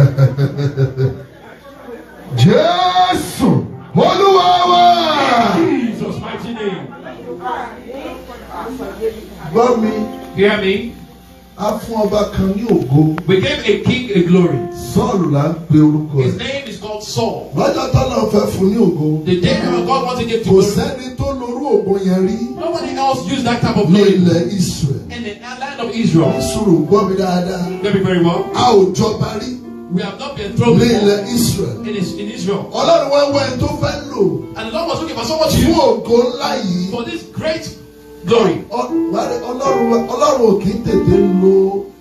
Jésù Olúwa Jesus mighty name. Gbọ́ mi. Hear me. A fún ọba kan ní ògo. We gave a king a glory. Sọ́ọ̀lù là ń pe orúkọ rẹ̀. His name is called Saul. Lọ́jọ́ tọ́lọ̀ fẹ́ fún ní ògo. The day when God wanted to get to glory. Kò sẹ́ni tó lorú ògo yẹn rí. Nobody else used that type of glory. Ní ilẹ̀ Israel. In the land of Israel. Sùrù gbọ́ mi dáadáa. Let me very well. A ò jọba rí. We have not been thrown before. ilẹ̀ Israel. It is in Israel. Ọlọ́run wá wá ẹni tó fẹ́ lò. And the Lord was looking for someone to use. Fún ògo ńlá yìí. For this great glory. Ọlọ́run ò kì tètè lo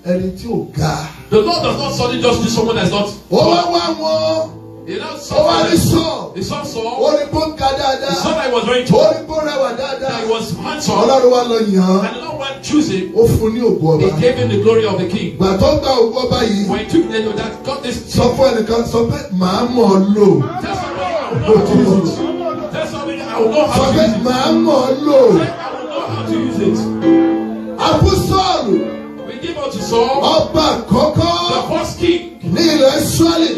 ẹni tí ò ga. The Lord does not suddenly just do someone that is not. Ó wá wá wọn ó wá rí sọ ó rí bó ń ga dáadáa ó rí bó rẹwà dáadáa ọlọ́run wá lọ yàn án ó fún ní ògo ọba gbà tó gba ògo ọba yìí sọ fún ẹnìkan sọ pé màá mọ̀ ọ́ lò ó tó lò sọ pé màá mọ̀ ọ́ lò àbúsọ̀rù ọba àkọ́kọ́ ní ilẹ̀ Ísírẹ́lì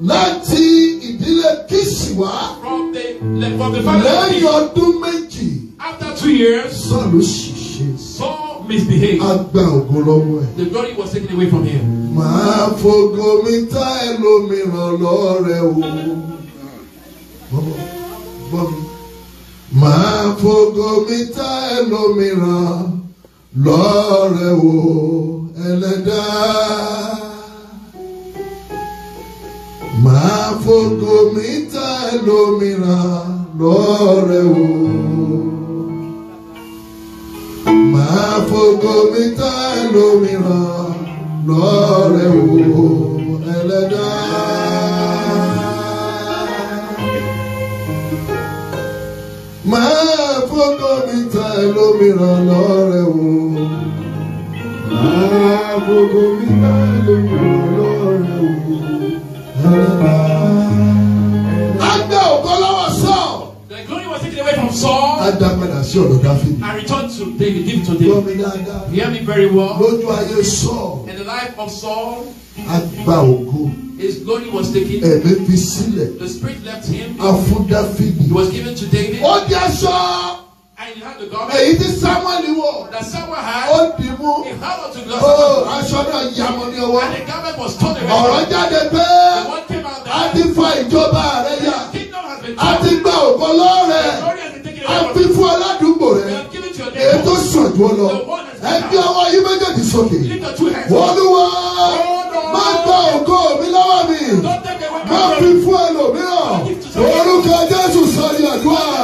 láti ìdílé kìsì wá. from the from the family. lẹ́yìn ọdún méjì. after two years. Saul ló ṣiṣẹ́. Saul misbehaved. a gba ògo lọ́wọ́ ẹ̀. the glory was taken away from him. màá fògo mi tá ẹlòmíràn lọ́rẹ̀ o. bọ́bọ̀ bọ́bọ̀ mi tá ẹlòmíràn lọ́rẹ̀ o ẹlẹ́dàá máa fògo mi tà lómìnira lọ́rẹ̀ o. máa fògo mi tà lómìnira lọ́rẹ̀ o ẹlẹ́dàá. máa fọ́kọ́ mi ta ẹlòmíràn lọ́rẹ̀ o. máa fọ́kọ́ mi And ògo lọ́wọ́ Saul. The glory was taken away from Saul. A dá padà sí ọ̀dọ̀ Dáfídì. I returned to David, give it to David. Gbọ́ Hear me very well. And the life of Saul. Agbá ògo. His glory was taken. The spirit left him. He was given to David. Ó jẹ́ sọ́ọ́ èyí tí samuel wọ ó dì mú ó oh, aṣọ náà yàmọ ní ọwọ́ ọ̀rọ̀ jáde pé a ti fa ìjọba rẹ yà a ti gba ògbọlọ rẹ a ti fún aládùúgbò rẹ èyí tó sùn lọ ẹ ọwọ́ yín méjèèjì sókè wọlúwa má gba ògo mi lọ́wọ́ mi má fi fún ẹlòmíràn orúkọ jésù sọ ní àdúrà.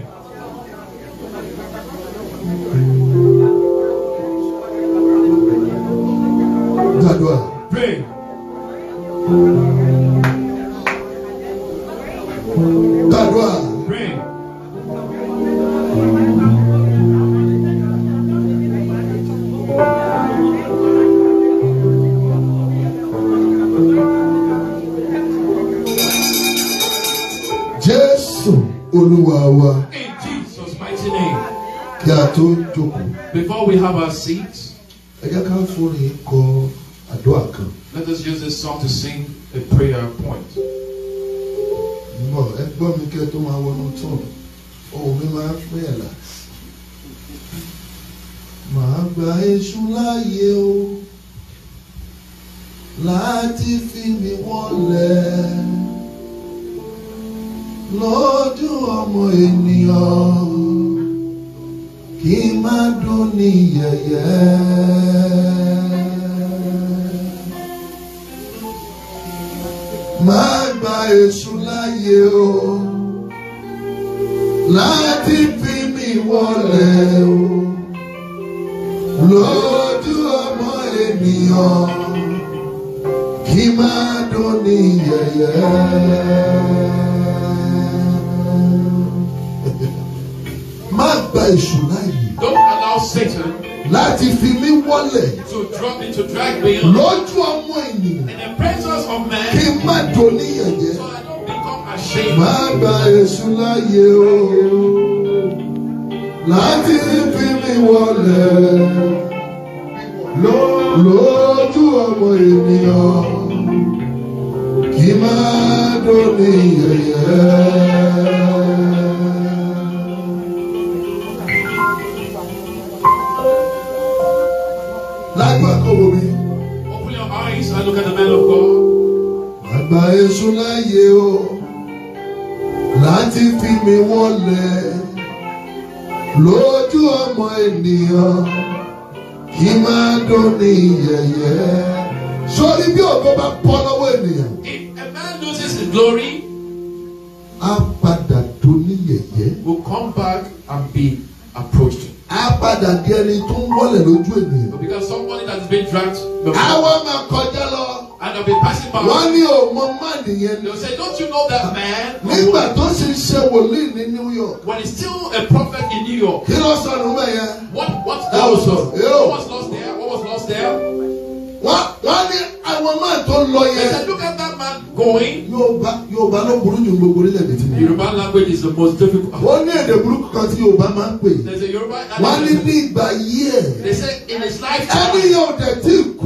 burú jù gbogbo orílẹ̀ èdè tí mo. Yorùbá language is the most difficult. ó ní èdè burúkú kan tí Yorùbá máa ń pè. language. wọ́n ní bí ìgbà yí ẹ̀. they say in his life. ẹni yóò dẹ̀ ti kú.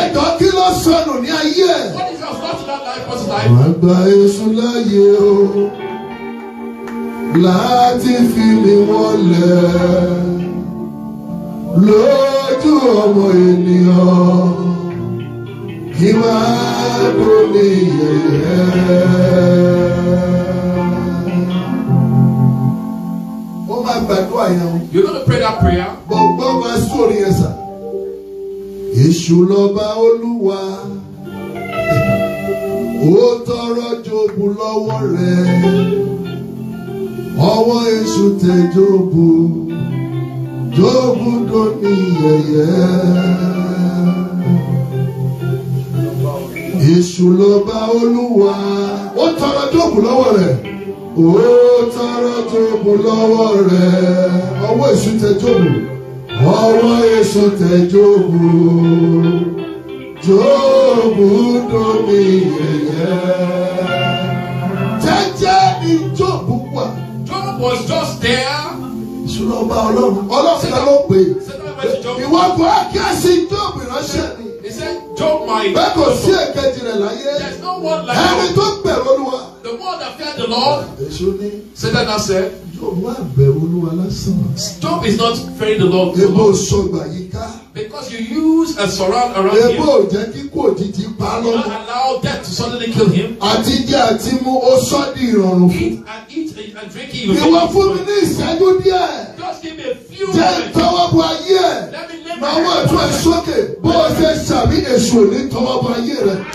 ẹ̀dọ́ kí ló sọnù ní ayé ẹ̀. what is your thought about that person's life. wọ́n gba èso láàyè o láti fi mi wọlé lójú ọmọ ènìyàn. You know the prayer that prayer? Gbogbo ma sórí yẹn sà. Èṣù lọ́ba Olúwa. Ó tọrọ Jóòbù lọ́wọ́ rẹ̀. Ọwọ́ èṣù Èṣù ló bá Olúwa. Ó tọrọ Jóòbù lọ́wọ́ rẹ̀. Ó tọrọ Jóòbù lọ́wọ́ rẹ̀. Ọwọ́ Èṣù tẹ Jóòbù. Ọwọ́ Èṣù tẹ Jóòbù. Jóòbù domi yẹ̀yẹ́. Jẹ́jẹ́ ni Jóòbù wà. Job was just there. Èṣù ló bá Ọlọ́run. Ọlọ́run ló pè é. Ìwọ́n kò á kí á sí Jóòbù ránṣẹ́. Job might. Bẹ́ẹ̀ kò sí èkejì rẹ̀ láyé. no one like God. Ẹni tó bẹ̀rù Olúwa. The one that feared the Lord. Satan now said. "Stop is not fearing the Lord. Ebo sọgbà Because you use a surround around him. Ebo jẹ́ allow death to suddenly kill him. Eat and eat and drink in your bed. Ìwọ fún mi ní ìṣẹ́jú Just give me a few minutes. Jẹ́ tọwọ́ Let me live my life.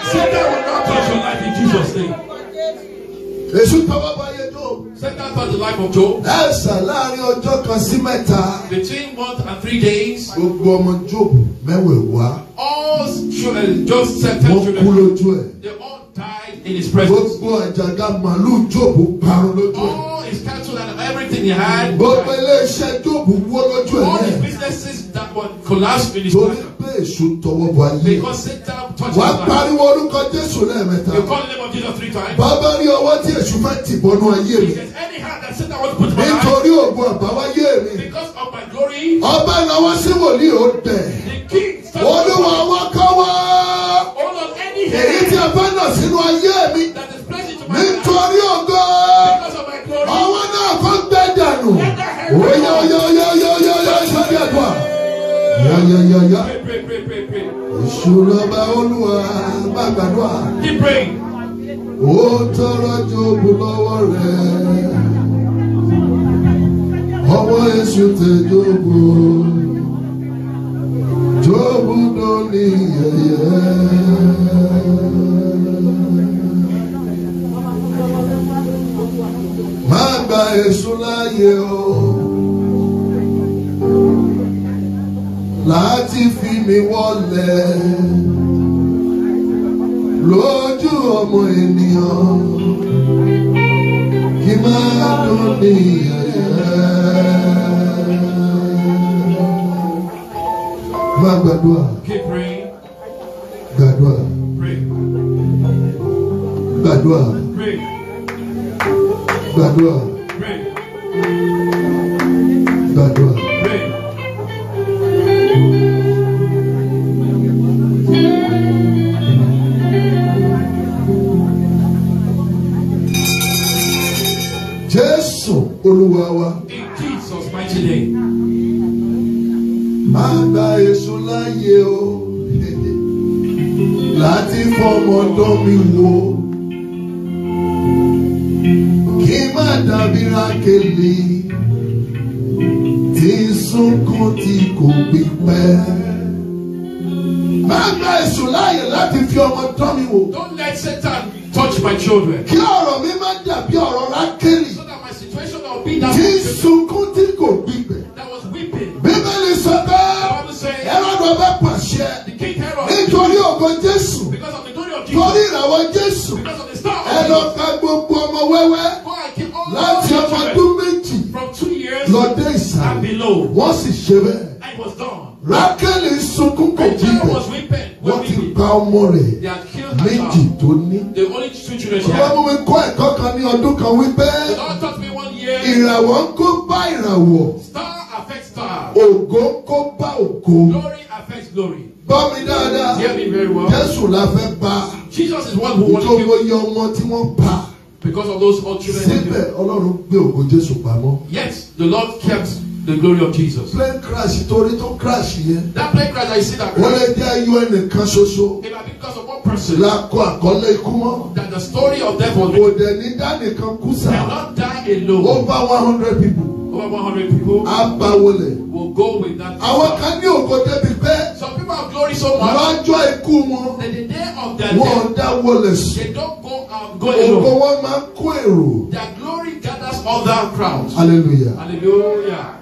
Satan will not touch your life in Jesus' name. Èṣù tọwọ́ bá yẹ Job. Set that of the life of Job. Ẹ sàn láàrin ọjọ́ kan sí mẹ́ta. Between one and three days. Gbogbo ọmọ Job mẹ́wẹ̀ẹ́ wá. All children just settle. children. Wọ́n kú lójú ẹ̀. They all died in his presence. Gbogbo àjàgà màlúù Jóòbù parun All his cattle and everything he had. All his businesses that were collapsed in his presence. Because Satan touched his life. You call the name of Jesus three times. Bàbá any hand that Satan wants to put on my life. Because of my glory. The king started. Olúwa èyí tí a fẹ́ nà sínú ayé mi nítorí ògo àwọn náà fẹ́ gbẹ dànù oyè oyè oyè oyè oyè oyè sọ́dí ẹ̀dùn à yá ìṣúra bá olúwa bá gbàdúrà ó tọrọ Jóòbù lọ́wọ́ rẹ̀ ọwọ́ èṣù tẹ Jóòbù. Jóòbù dóní yẹ̀yẹ́. Má gba èṣù o. Láti fi mi wọlé lójú ọmọ ènìyàn kí má bá gbàdúrà gbàdúrà gbàdúrà gbàdúrà gbàdúrà. Jésù Olúwa wa. In Jesus' mighty name. Má gba èso láyè o láti fọmọdọ́ mi wò kí má dàbí rákèlè tí sunkún tí kò gbígbẹ́. Máa gba èṣù láàyè láti fi ọmọ tọ́ mi wò. Don't let Satan touch my children. Kí ọ̀rọ̀ mi má dàbí ọ̀rọ̀ rákèlè. So that my situation will be that. Tí sunkún tí kò gbígbẹ́. torí ìràwọ̀ Jésù ẹ lọ ka gbogbo ọmọ wẹ́wẹ́ láti ọmọdún méjì lọ dé ìsàlẹ̀ wọ́n sì ṣe bẹ́ẹ̀. Rákẹ́lì sunkún kò jíbẹ̀ wọ́n ti gba ọmọ rẹ̀ méjì tó ní. Bàbá mi wí kọ́ ẹ̀kọ́ kan ní ọdún kan wípé ìràwọ̀ ń kó bá ìràwọ̀ ògo kó bá ògo. Bọ́ mi dáadáa Jésù la fẹ́ nítorí oyè ọmọ tí wọ́n pa. because of those old children. síbẹ̀ ọlọ́run gbé ògo Jésù pamọ́. yes the Lord kept the glory of Jesus. plane crash torí tó crash here. that plane crash I see that. wọ́n you jẹ́ the ẹnìkan show? it might because of one person. la kọ àkọlé ikú that the story of death was. kò dẹ̀ ní they come sá. they not die alone. over one hundred people over one hundred people. a bá will go with that. àwọn kan ní ògo débi pé. some people have glory so much. lọ́jọ́ ikú wọn. that the day of their death. wọ́n dá they don't go out go alone. ògo wọn máa ń kó glory cast all down crowds. hallelujah. hallelujah.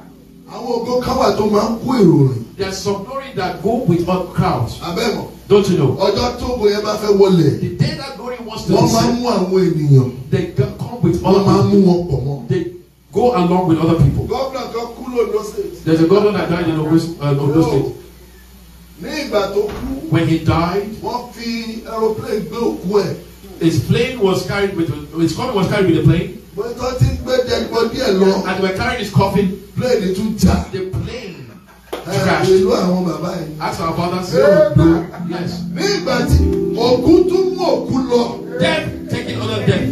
àwọn ògo kan tó máa ń kó ìròyìn. there is some glory that go with all crowds. abẹ́mọ̀. don't you know. ọjọ́ tó bóyá bá fẹ́ wọlé. the day that glory wants to. wọ́n máa ń mú àwọn ènìyàn. they come with all. wọ́n máa ń mú wọn pọ̀ mọ́. they go along with other people. gómìnà kan kú lóńdó state. there is a governor that died in Ondo uh, state. ní ìgbà tó kú. when he died. wọ́n fi aeroplane gbé òkú ẹ̀. his plane was carried with his coffin was carried with the plane. When And they were carrying his coffin. Plane tún jà. The plane. Ìlú àwọn bàbá yìí. Ask our fathers. Èèbà. Yes. Ní ìgbà tí òkú tún mú òkú lọ. Death taking other death.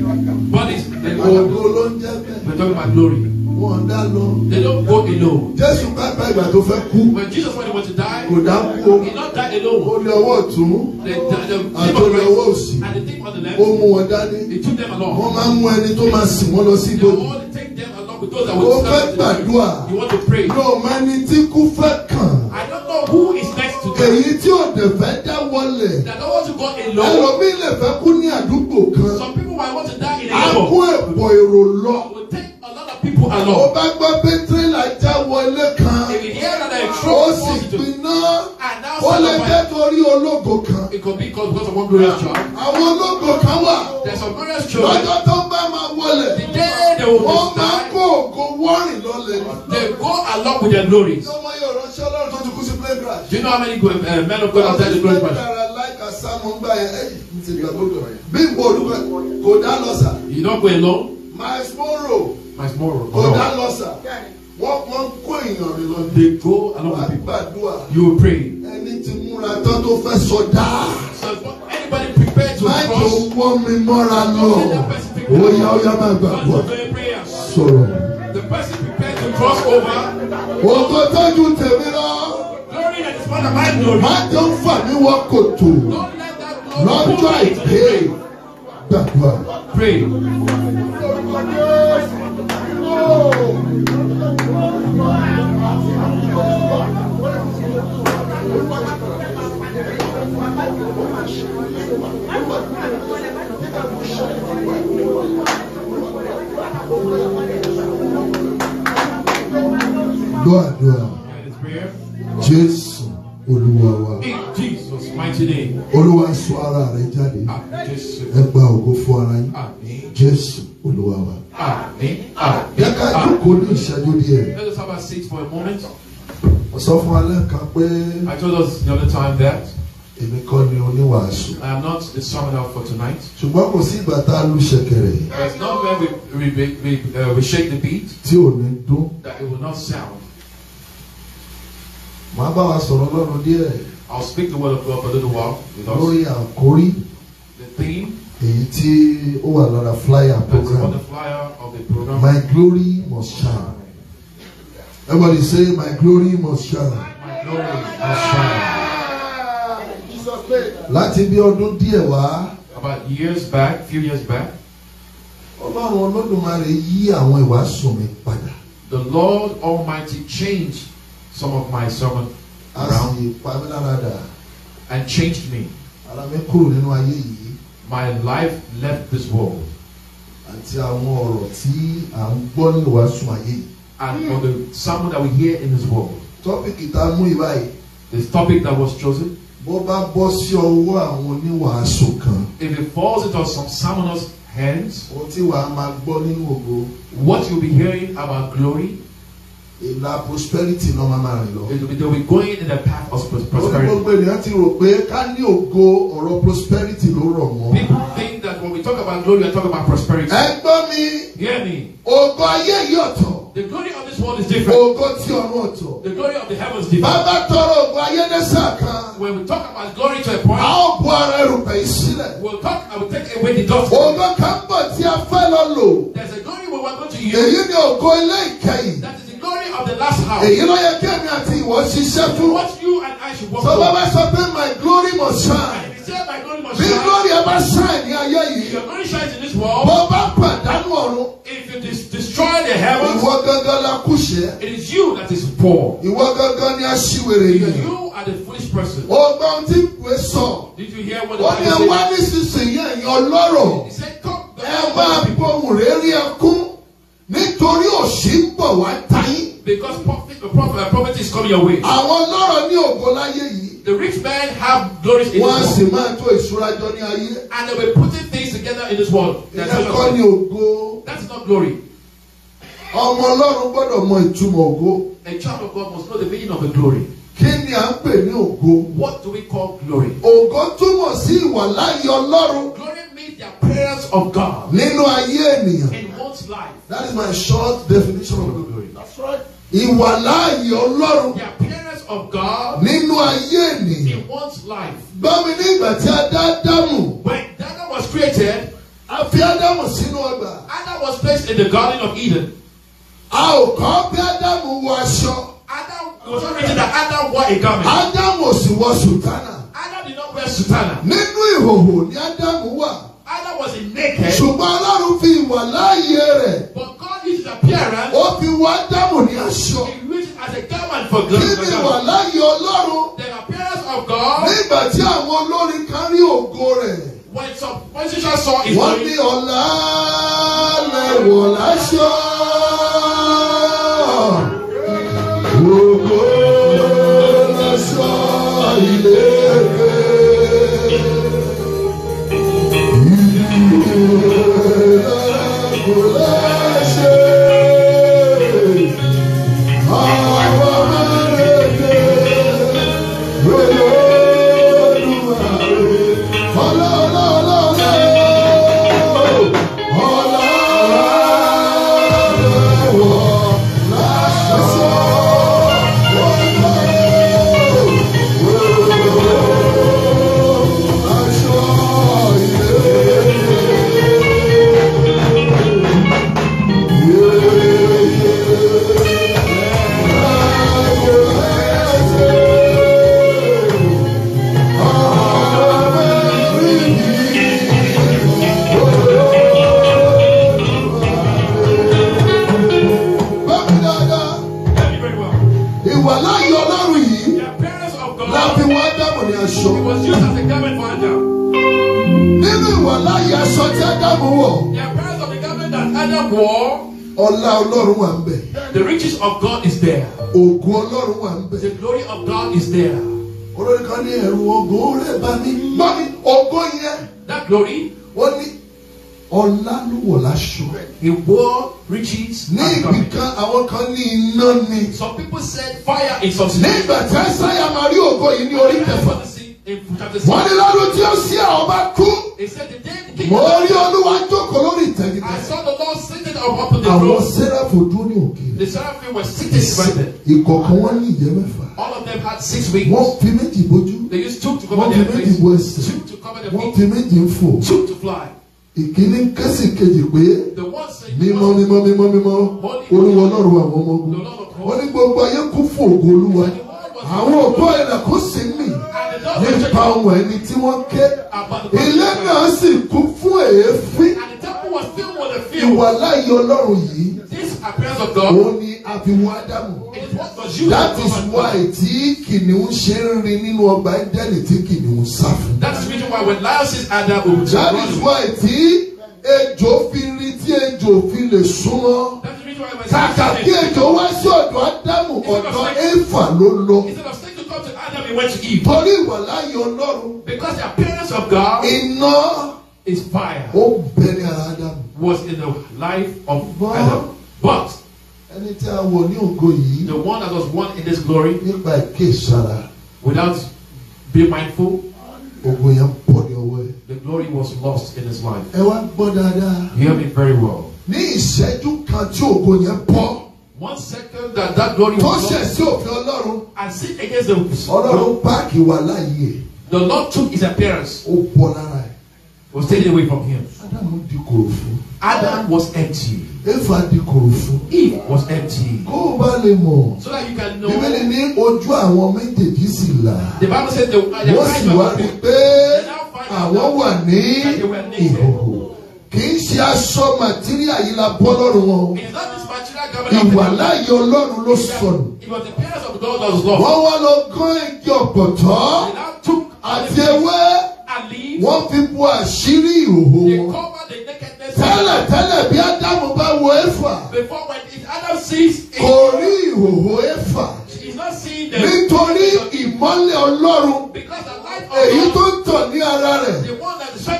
Bodies. Ògo ló ń jẹ́ bẹ́ẹ̀. We talk about glory. Wọ́n dá lọ. They don't go alone. Jésù pápá ìgbà tó fẹ́ kú. When Jesus wanted to die. Kò dá kú o. He not die alone. Ó lé ọwọ́ ọ̀tún. Àti ó lé ọwọ́ òsì. And the thing on the left. Ó mú wọn dání. He took them along. Wọ́n máa ń mú ẹni tó máa sìn wọ́n lọ sí ibodè. They take them along Ó fẹ́ gbàdúrà. You want to pray. Yóò máa ní tí kú fẹ́ kàn. I don't know who is next to them. Èyí tí ò dẹ̀ fẹ́ dá wọlé. That don't want to go alone. lè fẹ́ kú ní àdúgbò kan. Some people want to die in kú ẹ̀pọ̀ èrò lọ people along. ó bá gbọ́ pé tírélà já wọlé kan. if you sì gbiná. and lè jẹ́ torí ológo kan. it could be because because of one glorious child. àwọn ológo kan wà. there is some glorious children. lọ́jọ́ tó ń bá máa wọlé. the day they will be started. wọ́n máa kó ògo wọ́rìn lọ́lẹ̀. they go along with their glories. ọmọ yóò ránṣẹ́ ọlọ́run tó ti kú sí playground. do you know how many uh, men of God have died in glory past. bí n kò dúpẹ́ kò dá lọ sà. you don't go alone. my small role. Mas more. Kódà lọ sà. Wọ́n wọ́n kó èèyàn rẹ̀ lọ. They go along with people. Wà á gbàdúrà. You will pray. Ẹni tí múra tán tó fẹ́ sọdá. Anybody prepare to cross? Máa tó wọ́n mi mọ́ra lọ. Owó ya ó yá máa gbàgbọ́. Sọ̀rọ̀. The person prepared to cross over. Ògo tọ́jú tèmi lọ. Glory that is part of my glory. Má tó ń fà mí wọ kòtò. Lọ́jọ́ àìpé gbàgbọ́. Pray gbọ́ àdúrà Jésù Olúwa olúwa sọ ara rẹ jáde ah, ẹ gba ògo fún ara yín jésù olúwa wa. jẹ́ ká ah. jókòó ní ìṣẹ́jú díẹ̀. mo sọ fún alẹ́ kan pé. I told us the other time that. Èmi kọ́ ni oníwàásù. I am not the summoner for tonight. Ṣùgbọ́n kò sí ìgbà tá a lu ṣẹ̀kẹ̀rẹ̀. There is no way we we we uh, we shake the beat. Tí ò ní dún. That it will not sound. Màá bá wa sọ̀rọ̀ lọ́rùn díẹ̀. I'll speak the word of God for a little while with us. Lórí àkórí. The theme. Èyí tí ó wà lára flyer program. That's on the flyer of the program. My glory must shine. Everybody say my glory must shine. My glory must shine. Láti bí ọdún díẹ̀ wá. About years back, few years back. Ọlọ́run Olódùmarè yí àwọn ìwàásù mi padà. The Lord Almighty changed some of my sermon around. a and changed me. my life left this world. and mm. on the sermon that we hear in this world. tọ́pìkì this topic that was chosen. if it falls into some sermoners' hands. what you'll be hearing about glory. In ìlà prosperity ló máa máa rìn lọ. they will be going in the path of prosperity. gbogbo ènìyàn ti rò pé ká ní ògo ọ̀rọ̀ prosperity ló rọ̀ mọ́. people think that when we talk about glory we are talking about prosperity. ẹ gbọ́ mi. hear me. ògo ayé yìí ọ̀tọ̀. The glory of this world is different. Ògo ti ọ̀run ọ̀tọ̀. The glory of the heavens is different. Bàbá tọrọ ògo ayé ní sàkán. When we talk about glory to a point. A ó bu ara erùpẹ̀ yìí sílẹ̀. We will talk I will take away the dust. Ògo kan bọ̀ tí a fẹ́ lọ lò. There is a glory we want to use. Èyí ni ògo ilé ìkẹyìn. That of the last hour. Èyí ló yẹ kí èmi àti ìwọ ṣiṣẹ́ fún. What you and I should work for. Sọ bá bá sọ pé my glory must shine. Bí glory ẹ bá shine ní ayé yìí. Your glory shines in this world. Bó bá pàdánù ọ̀run. If you dis destroy the heavens. Ìwọ gangan la kú ṣe. It is you that is poor. Ìwọ gangan ni aṣiwèrè yìí. You are the foolish person. O gbọ́ ohun tí ìwé sọ. Did you hear what the Bible said? Wọ́n ní wá nísinsìnyí ẹ̀yin ọlọ́rọ̀. He said come. Ẹ bá bóun rẹ̀ rí ẹkún nítorí òṣì ń bọ̀ wá tayín. because poverty uh, uh, is coming your way. àwọn ọlọ́rọ̀ ní ògo yìí. The rich men have glory in this world. Wọ́n sì máa tó ìṣúra jọ ní ayé. And they were putting things together in this world. Ìyá kọ́ ni ògo. That is not glory. Ọmọ Ọlọ́run gbọ́dọ̀ mọ ìtumọ̀ ògo. A child of God must know the meaning of the glory. Kí ni à ń pè ní ògo? What do we call glory? Ògo túmọ̀ sí ìwàláyé Ọlọ́run. Glory Their prayers of God. Nínú ayé ènìyàn. In one's life. That is my short definition of glory. That's right. Ìwàláàyè Ọlọ́run. The appearance of God. Nínú ayé ènìyàn. In one's life. Bámi ní ìgbà tí Adá dámù. When Dada was created. A fi Ádámù sínú ọgbà. Adam was placed in the garden of Eden. A ò kọ́ bí Ádámù wọ aṣọ. Adam was not written that Adam wore a garment. Adam ò sì wọ sùtánà. Adam did not wear sùtánà. Nínú ìhòhò ni Ádámù wà. Either was he naked. Ṣùgbọ́n Ọlọ́run fi ìwà láàyè rẹ̀. But God is his appearance. Ó fi wá dámù ní aṣọ. He used as a garment for glory. Kí ni ìwà láàyè Ọlọ́run? The appearance of God. Nígbà tí àwọn olórin kan ògo rẹ̀. When some when Sisha saw his glory. Wọ́n ní ọ̀la lẹ́wọ̀ láṣọ. Ògo Ọlá Ọlọ́run wà ń bẹ̀. The riches of God is there. Ògùn Ọlọ́run wà ń bẹ̀. The glory of God is there. Olórí kan ní ẹ̀rù ògùn rẹ̀ bá mi. Mọ́mí ògùn yẹn. That glory. Ó ní ọlá ló He wore riches. Ní ibi kan àwọn kan ní iná ni. Some people said fire is substitute. Nígbà tí Ẹsáyà máa rí ògùn yìí ní orí kẹfà. Wọ́n ní lọ́dún tí ó sí àwọn kú mo rí olúwa jókòó lórí ìtẹ́gídé. I saw the Lord sitting upon the throne. àwọn sẹ́ráfù dún ní òkè. The seraphim were sitting by wọn ní ìyẹ́ mẹ́fà. All of them had six wings. wọ́n fi méjì bójú. They used two to cover their face. wọ́n fi méjì bo ẹsẹ̀. Two to cover their feet. wọ́n fi méjì ń fò. Two to fly. ìkíní ń kẹ́sì kejì pé mímọ́ mímọ́ mímọ́ mímọ́ olúwa ọlọ́run àwọn ọmọ ogun. ó ní gbogbo ayé kún fún ògo olúwa àwọn òpó ilẹ̀kùn sí mi nípa ohun ẹni tí wọ́n ké ilé náà sì kún fún èéfín ìwàláyé ọlọ́run yìí òun ni a ádámù that is why tí kìnìún ṣe ń rin nínú ọgbà Édẹ́nì tí kìnìún sá fún. that is reason why when lion sees Adam that is why tí ejò fi rin tí ejò fi lè súnmọ́. kàkà kí ejò wá sí ọ̀dọ̀ ádámù ọ̀dọ̀ éfà ló lọ. torí ọlọ́run. because the appearance of God. iná. is fire. ó bẹ̀rẹ̀ ádámù. was in the life of Adam but. ẹni tí a wọ̀ ní ògo yìí. the one that was won in this glory. nípa without being mindful. ògo yẹn pọ̀ ní ọwọ́ ẹ. the glory was lost in his life. ẹ wá gbọ́ dáadáa. hear me very well. ní ìṣẹ́jú kan tí ògo yẹn bọ́. one second that that glory was come. tó ṣẹ̀ sí òfin ọlọ́run. and sin against the law. ọlọ́run páàkì wà láàyè. the Lord took his appearance. ó bọ́ lára ẹ̀. was taken away from him. Adam di korofo. Adam was empty. Efa di korofo. Eve was empty. Kó o bá lè mọ̀. So that you can know. Bíbélì ní ojú àwọn méjèèjì sì là. The Bible says the were. Wọ́n sì wá rí pé àwọn wà ní ìhòòhò aṣọ màtíríà yìí la bọ́ lọ́rùn wọn. ìwàláyé ọlọ́run ló sọnù. wọ́n wá lọ gán igi ọ̀pọ̀tọ́ àti ewé wọ́n fi bu àṣírí ìhòòhò wọn. tẹ́lẹ̀ tẹ́lẹ̀ bí ádámù bá wo éfà kò rí ìhòòhò éfà nítorí ìmọ́lẹ̀ ọlọ́run èyí tó ń tàn ní ara rẹ̀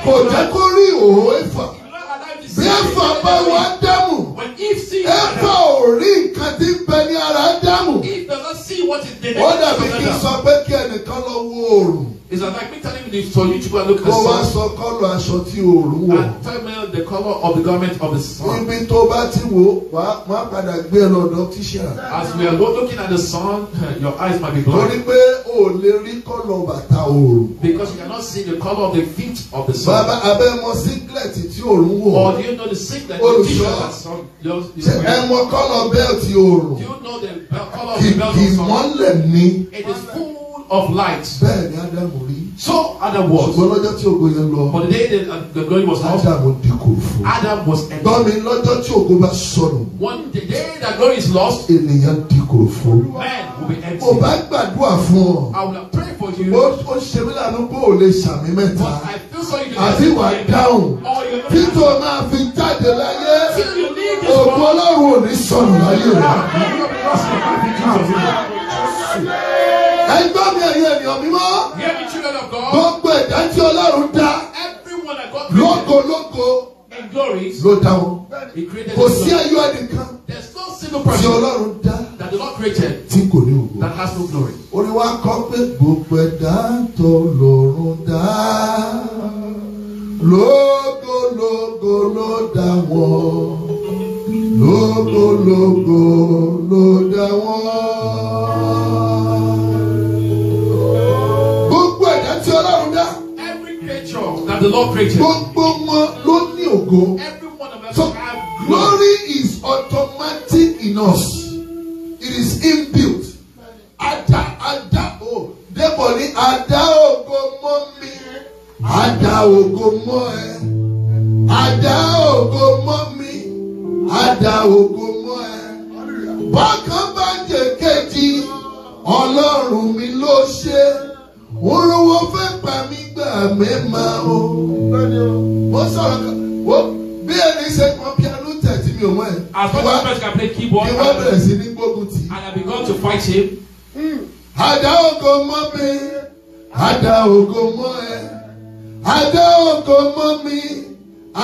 kò jẹ́ kó rí ìhòòhò éfà bí ẹ̀fà bá wà dámù ẹ̀fà ò rí nǹkan tí ń bẹ ní ara dámù ó dàbí kí n sọ pé kí ẹnìkan lọ wo oòrùn. It's like me telling you for you go and look at the sun. Kó aṣọ tí òòrùn wọ̀. And tell me the colour of the garment of the sun. Ibi tó bá ti wò wá má padà gbé lọ dọ́kíṣà. As we are looking at the sun, your eyes might be blind. Torí pé o ò lè rí kọ́lọ̀ bàtà òòrùn. Because you cannot see the colour of the feet of the sun. Bàbá abẹ́ mọ singlet tí òòrùn wọ̀. Or do you know the singlet or t-shirt that sun is wearing? Ẹ mọ kọ́lọ̀ bẹ́ẹ̀tì òòrùn. Do you know the colour of the belt of sun? Ìgbìmọ̀lẹ̀ ni. It is full of light. bẹ́ẹ̀ ni Ádámù rí. so Adam was. ṣùgbọ́n lọ́jọ́ tí ògo yẹn lọ. but the day that uh, the glory was lost. Adam dínkù fún. Adam was empty. gbọ́mi lọ́jọ́ tí ògo bá sọnù. one the day that glory is lost. ènìyàn dínkù fún. man will be empty. mo bá gbàdúrà fún ọ. I will pray for you. ó ó ṣe mí lànà bó o lè ṣàmì mẹ́ta. but I feel sorry to you. àti wà dáhùn. títọ́ máa fi jáde láyé. ògo Ọlọ́run ò ní sọnù láyé rẹ̀ ẹgbẹ́ mi ẹ̀yìn ènìyàn mímọ́ gbogbo ẹ̀dá tí Ọlọ́run dá lógo lógo ló dá wọn kò sí ẹyọ ẹnìkan tí Ọlọ́run dá tí kò ní ògo orí wa kọ pé gbogbo ẹ̀dá tó lọ́run dá lógo lógo ló dá wọn lógo lógo ló dá wọn. the Lord created. Gbogbo ló ní ògo. so, glory. is automatic in us. It is inbuilt. Ada ada o débọ̀ ní ada ògo mọ́ mi. Ada ògo mọ́ ẹ. Ada ògo mọ́ mi. Ada ògo mọ́ ẹ. Bákan bá jẹ kejì, Ọlọ́run mi ló ṣe é wọ́n lówó fẹ́ pa mí gbà mí máa o. wọ́n sọ̀rọ̀ kan wọ́n bí ẹni ṣe pọn piano tẹ̀tí mi ò mọ̀ ẹ̀. as long as person can play keyboard. kí wọ́n bẹ̀rẹ̀ sí ní gbógun tì. and I began to fight him. àdá ògo mọ́ mi àdá ògo mọ́ ẹ àdá ògo mọ́ mi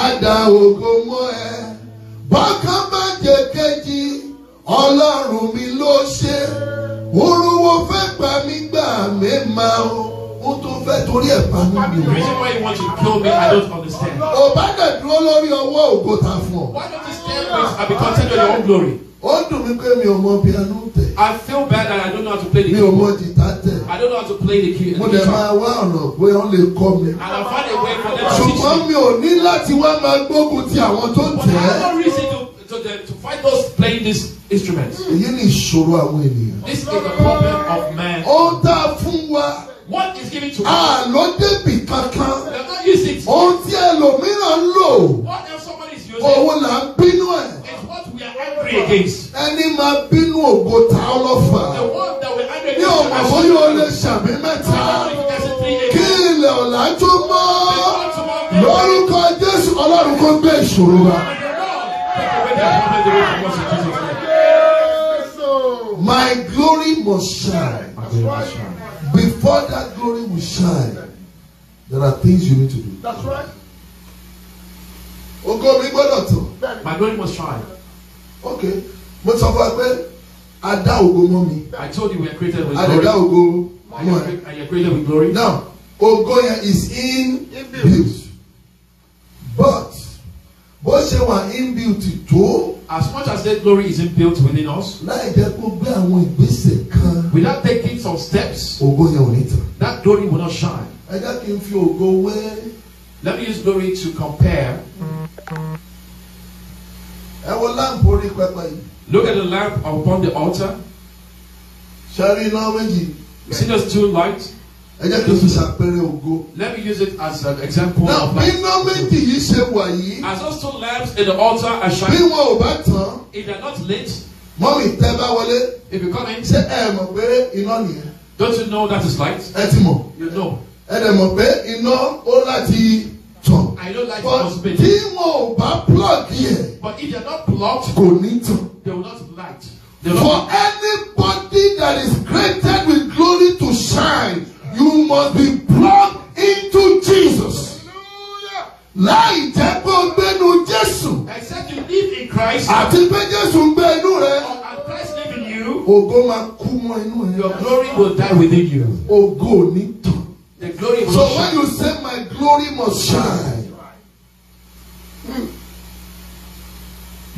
àdá ògo mọ́ ẹ bákan bá jẹ kejì ọlọ́run mi ló ṣe olúwo fẹ́ pa mí gbà mí máa o ó tún fẹ́ torí ẹ̀ pa mí mi. reason why you want to kill me I don't understand. ọba dẹ̀ dúró lórí ọwọ́ ògo ta fún ọ. why don't you stand with and be content with your own glory. ó dùn mí pé mi ò mọ piano tẹ̀. I feel bad that I don't know how to play the mi ò mọ jìtá tẹ̀. I don't know how to play the keyboard. mo dẹ̀ máa wá ọ̀nà pé wọ́n lè kọ́ mi. a way for them to teach me. ṣùgbọ́n mi ò ní láti wá máa gbógun ti àwọn tó tẹ̀. So that to fight those playing these instruments. Èyí ni ìṣòro àwọn ènìyàn. This is the problem of man. Ó dá fún wa. What is given to us? Àlọ́ débì kankan. They are not using it. Ohun tí ẹlòmíràn lò. What if somebody is using? Òun là ń bínú ẹ̀. It's what we are angry against. Ẹni máa bínú ògo ta ọlọ́fà. The one that we angry against. Ní ọ̀pọ̀ bóyá o lè ṣàmì mẹ́ta. Kí ilẹ̀ ọ̀làjú mọ́. Lórúkọ Jésù Ọlọ́run kò gbé ìṣòro wa. My glory must shine. Before that glory will shine, there are things you need to do. That's right. Ògo mi gbọ́dọ̀ tàn. My glory must shine. Okay. Mo sọ fún ẹ pé a dá ògo mi. I told you we are created with glory. A dá ògo mọ́ ẹ. are am created with glory. Now, ògo yẹn is in built. But bó ṣe wà inbuilt tó. as much as that glory is inbuilt within us. láì jẹ́ kó gbé àwọn ìgbésẹ̀ kan. without taking some steps. ògo yẹn ò ní tàn. that glory will not shine. ẹ jẹ́ kí n fi ògo wé. let me use glory to compare. ẹ wo lamp orí pẹpẹ yìí. look at the lamp upon the altar. ṣe rí iná méjì. you see those two lights ẹ jẹ́ kí fi ṣàpẹẹrẹ ògo. let me use it as an example. now bí iná méjì yìí ṣe wà as those two lamps in the altar are shining. bí wọn ò bá tán. if they are not lit. mọ́mí tẹ́ bá wọlé. if you come in. ṣé ẹ mọ̀ pé iná nìyẹn. don't you know that is light. ẹ ti mọ̀. you know. ẹ dẹ̀ mọ̀ pé iná ó láti tàn. I don't like to the But tí wọn ò bá plug yẹ. but if they are not plugged. kò ní tàn. they will not light. For anybody that is created with glory to shine. You must be plugged into Jesus. Láì jẹ́ pé o gbénu Jésù. Except you live in Christ. Àti pé Jésù gbé inú rẹ. And Christ live in you. Your glory will die within you. Oh ò ní tán. The glory will so shine. when you say my glory must shine.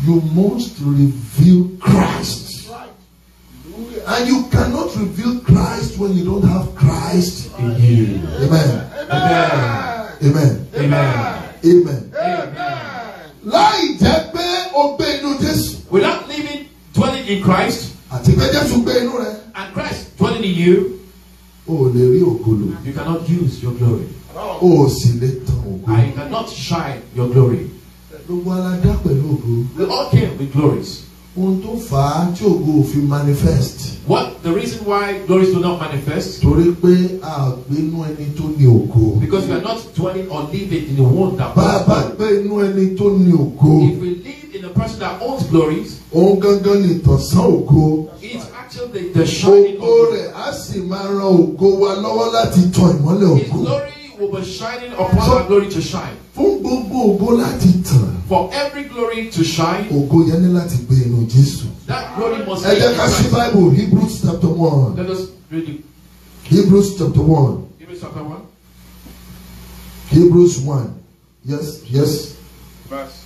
You must reveal Christ. And you cannot reveal Christ when you don't have Christ in you. Amen. Amen. Amen. Amen. Amen. Amen. Láì jẹ́ pé o Without living dwelling in Christ. And Christ dwelling in you. O lè You cannot use your glory. Oh, sì I cannot shine your glory. We all came with glories. ohun tó fà á tí ògo fi manifest. what the reason why glories do not manifest. torí pé a gbé ẹni tó ní ògo. because we are not dwelling or living in the world that. bàbá gbé ẹni tó ní ògo. if we live in the person that owns glories. òun gangan ni ìtànsán ògo. it's actually the shining of. ògo rẹ̀ á sì máa ran ògo wa lọ́wọ́ láti tan ìmọ́lẹ̀ ògo. his glory will be shining upon so, our glory to shine. Fún gbogbo ògo láti tàn. For every glory to shine. Ògo yẹn ní láti gbé inú Jésù. That glory must be in Christ. Ẹ jẹ́ ká sí Bible Hebrews chapter one. Let us read it. Hebrews chapter one. Hebrews chapter one. Hebrews one. Yes, yes. Verse.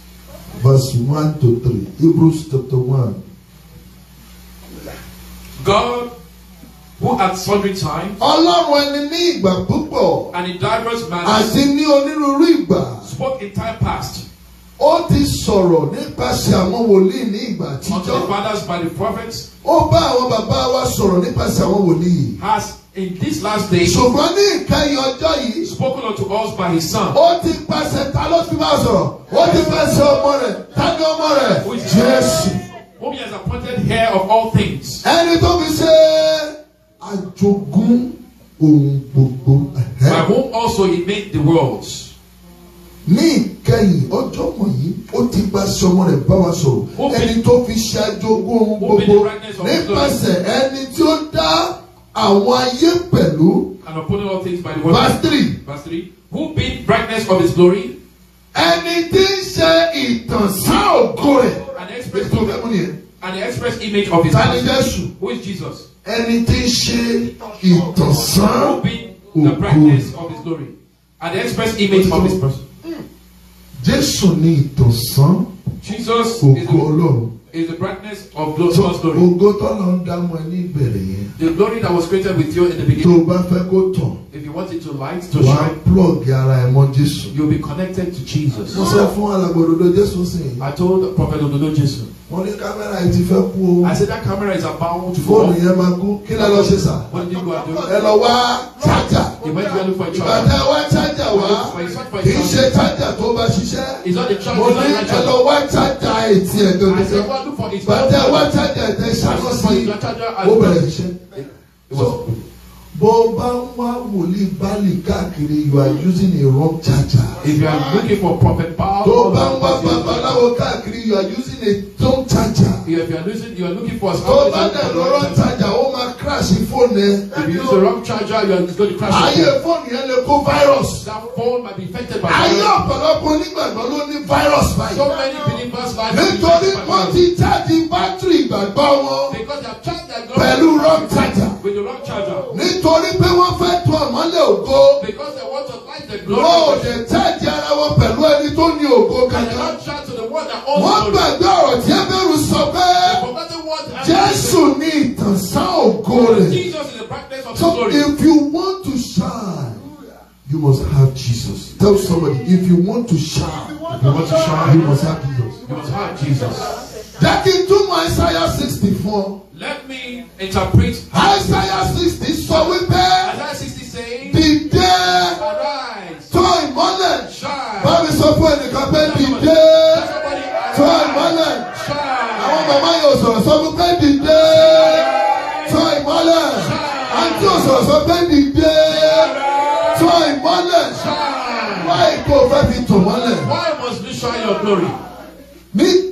Verse one to three. Hebrews chapter one. God who at sundry times. Ọlọ́run ẹni ní ìgbà púpọ̀. and in diverse manners. àti ní onírúurú ìgbà. spoke in time past. Ó ti sọ̀rọ̀ nípasẹ̀ àwọn wòlíì ní ìgbà àtijọ́. unto the fathers by the prophets. Ó bá àwọn bàbá wa sọ̀rọ̀ nípasẹ̀ àwọn wòlíì. has in this last day. ṣùgbọ́n ní ìkẹyìn ọjọ́ yìí. spoken unto us by his son. ó ti pàṣẹ ta ló fi máa sọ̀rọ̀ ó ti pàṣẹ ọmọ rẹ̀ ta ni ọmọ rẹ̀ Jésù. whom he has appointed heir of all things. ẹni tó fi ṣe é ajogún ohun gbogbo. by whom also he made the world. ní ìkẹyìn ọjọ́ wọ̀nyí ó ti gba sí ọmọ rẹ̀ bá wa sọ̀rọ̀ ẹni tó fi ṣe ajogún ohun gbogbo nípasẹ̀ ẹni tí ó dá àwọn ayé pẹ̀lú. and upon all things by the word. verse three. verse three. who be brightness of his glory. ẹni tí ń ṣe ìtànsán ògo rẹ̀. an express image of his tani Jésù. who is Jesus ẹni tí ń ṣe ìtọ̀sán ògo. And express image of this person. Jésù ni ìtọ̀sán ògo Ọlọ́run. Is the brightness of God's glory. Ògo tó The glory that was created with you in the beginning. If you want it to light to shine. Wà plug ara ẹ mọ́ Jésù. You be connected to Jesus. I told Prophet Ododo Jesus mo ní kámẹ́rà yìí ti fẹ́ kú o. I said that camera is about to fall. fóònù yẹn máa kú kí lẹ lọ ṣe sà. wọ́n ní gbọ́ àdó. ẹ lọ wá chájà. ìgbà tá a wá chájà wá kì í ṣe chájà tó bá ṣiṣẹ́. mo ní ẹ lọ wá chájà ètí ẹ̀ tó ní sẹ́. ìgbà tá a wá chájà ẹ̀ tẹ́ ṣàkóso yìí ó bẹ̀rẹ̀ ṣiṣẹ́ bó o bá ń wá wòlíì báàlì káàkiri you are using a wrong charger. if you are looking for prophet power. tó o bá ń wá babaláwo káàkiri you are using a wrong charger. if you are using you are looking for a strong charger. tó o bá dẹ̀ lọ wrong charger ó máa crash phone ẹ. if you use the wrong charger you are going to crash. ayé fóònù yẹn lè kó virus. that phone might be infected by virus. ayé ọ̀pọ̀lọpọ̀ onígbàgbọ́ ló ní virus báyìí. so many believers like. nítorí wọ́n ti the battery ìgbàgbọ́ wọn. because they have charged their glory. pẹ̀lú wrong charger with the wrong charger. nítorí pé wọ́n fẹ́ tún àmọ́lẹ̀ ògo. because they want to light the glory. wọ́n ò lè tẹ́ẹ̀dì ara wọn pẹ̀lú ẹni tó ní ògo kankan. and they don't shout to the one the glory. wọ́n gbàgbé ọ̀rọ̀ tí ẹbẹ̀rù sọ pé jésù ní ìtànsán ògo rẹ̀. so if you want to shine. You must have Jesus. Tell somebody if you want to shine, if you want to shine, you must have Jesus. You must have Jesus. That into Isaiah sixty-four. Let me interpret. Isaiah sixty sọ wípé. Isaiah sixty say. Dìde. Tọ́ ìmọ́lẹ̀. Báwo sọ fún ẹnìkan pé dìde? Tọ́ ìmọ́lẹ̀. Àwọn màmá yóò sọ̀rọ̀ sọ fún pé dìde. Tọ́ ìmọ́lẹ̀. Àǹtí yóò sọ̀rọ̀ sọ pé dìde. Tọ́ ìmọ́lẹ̀. Wáyé kó o fẹ́ fi tò mọ́lẹ̀. Why must you shine your glory? Ní.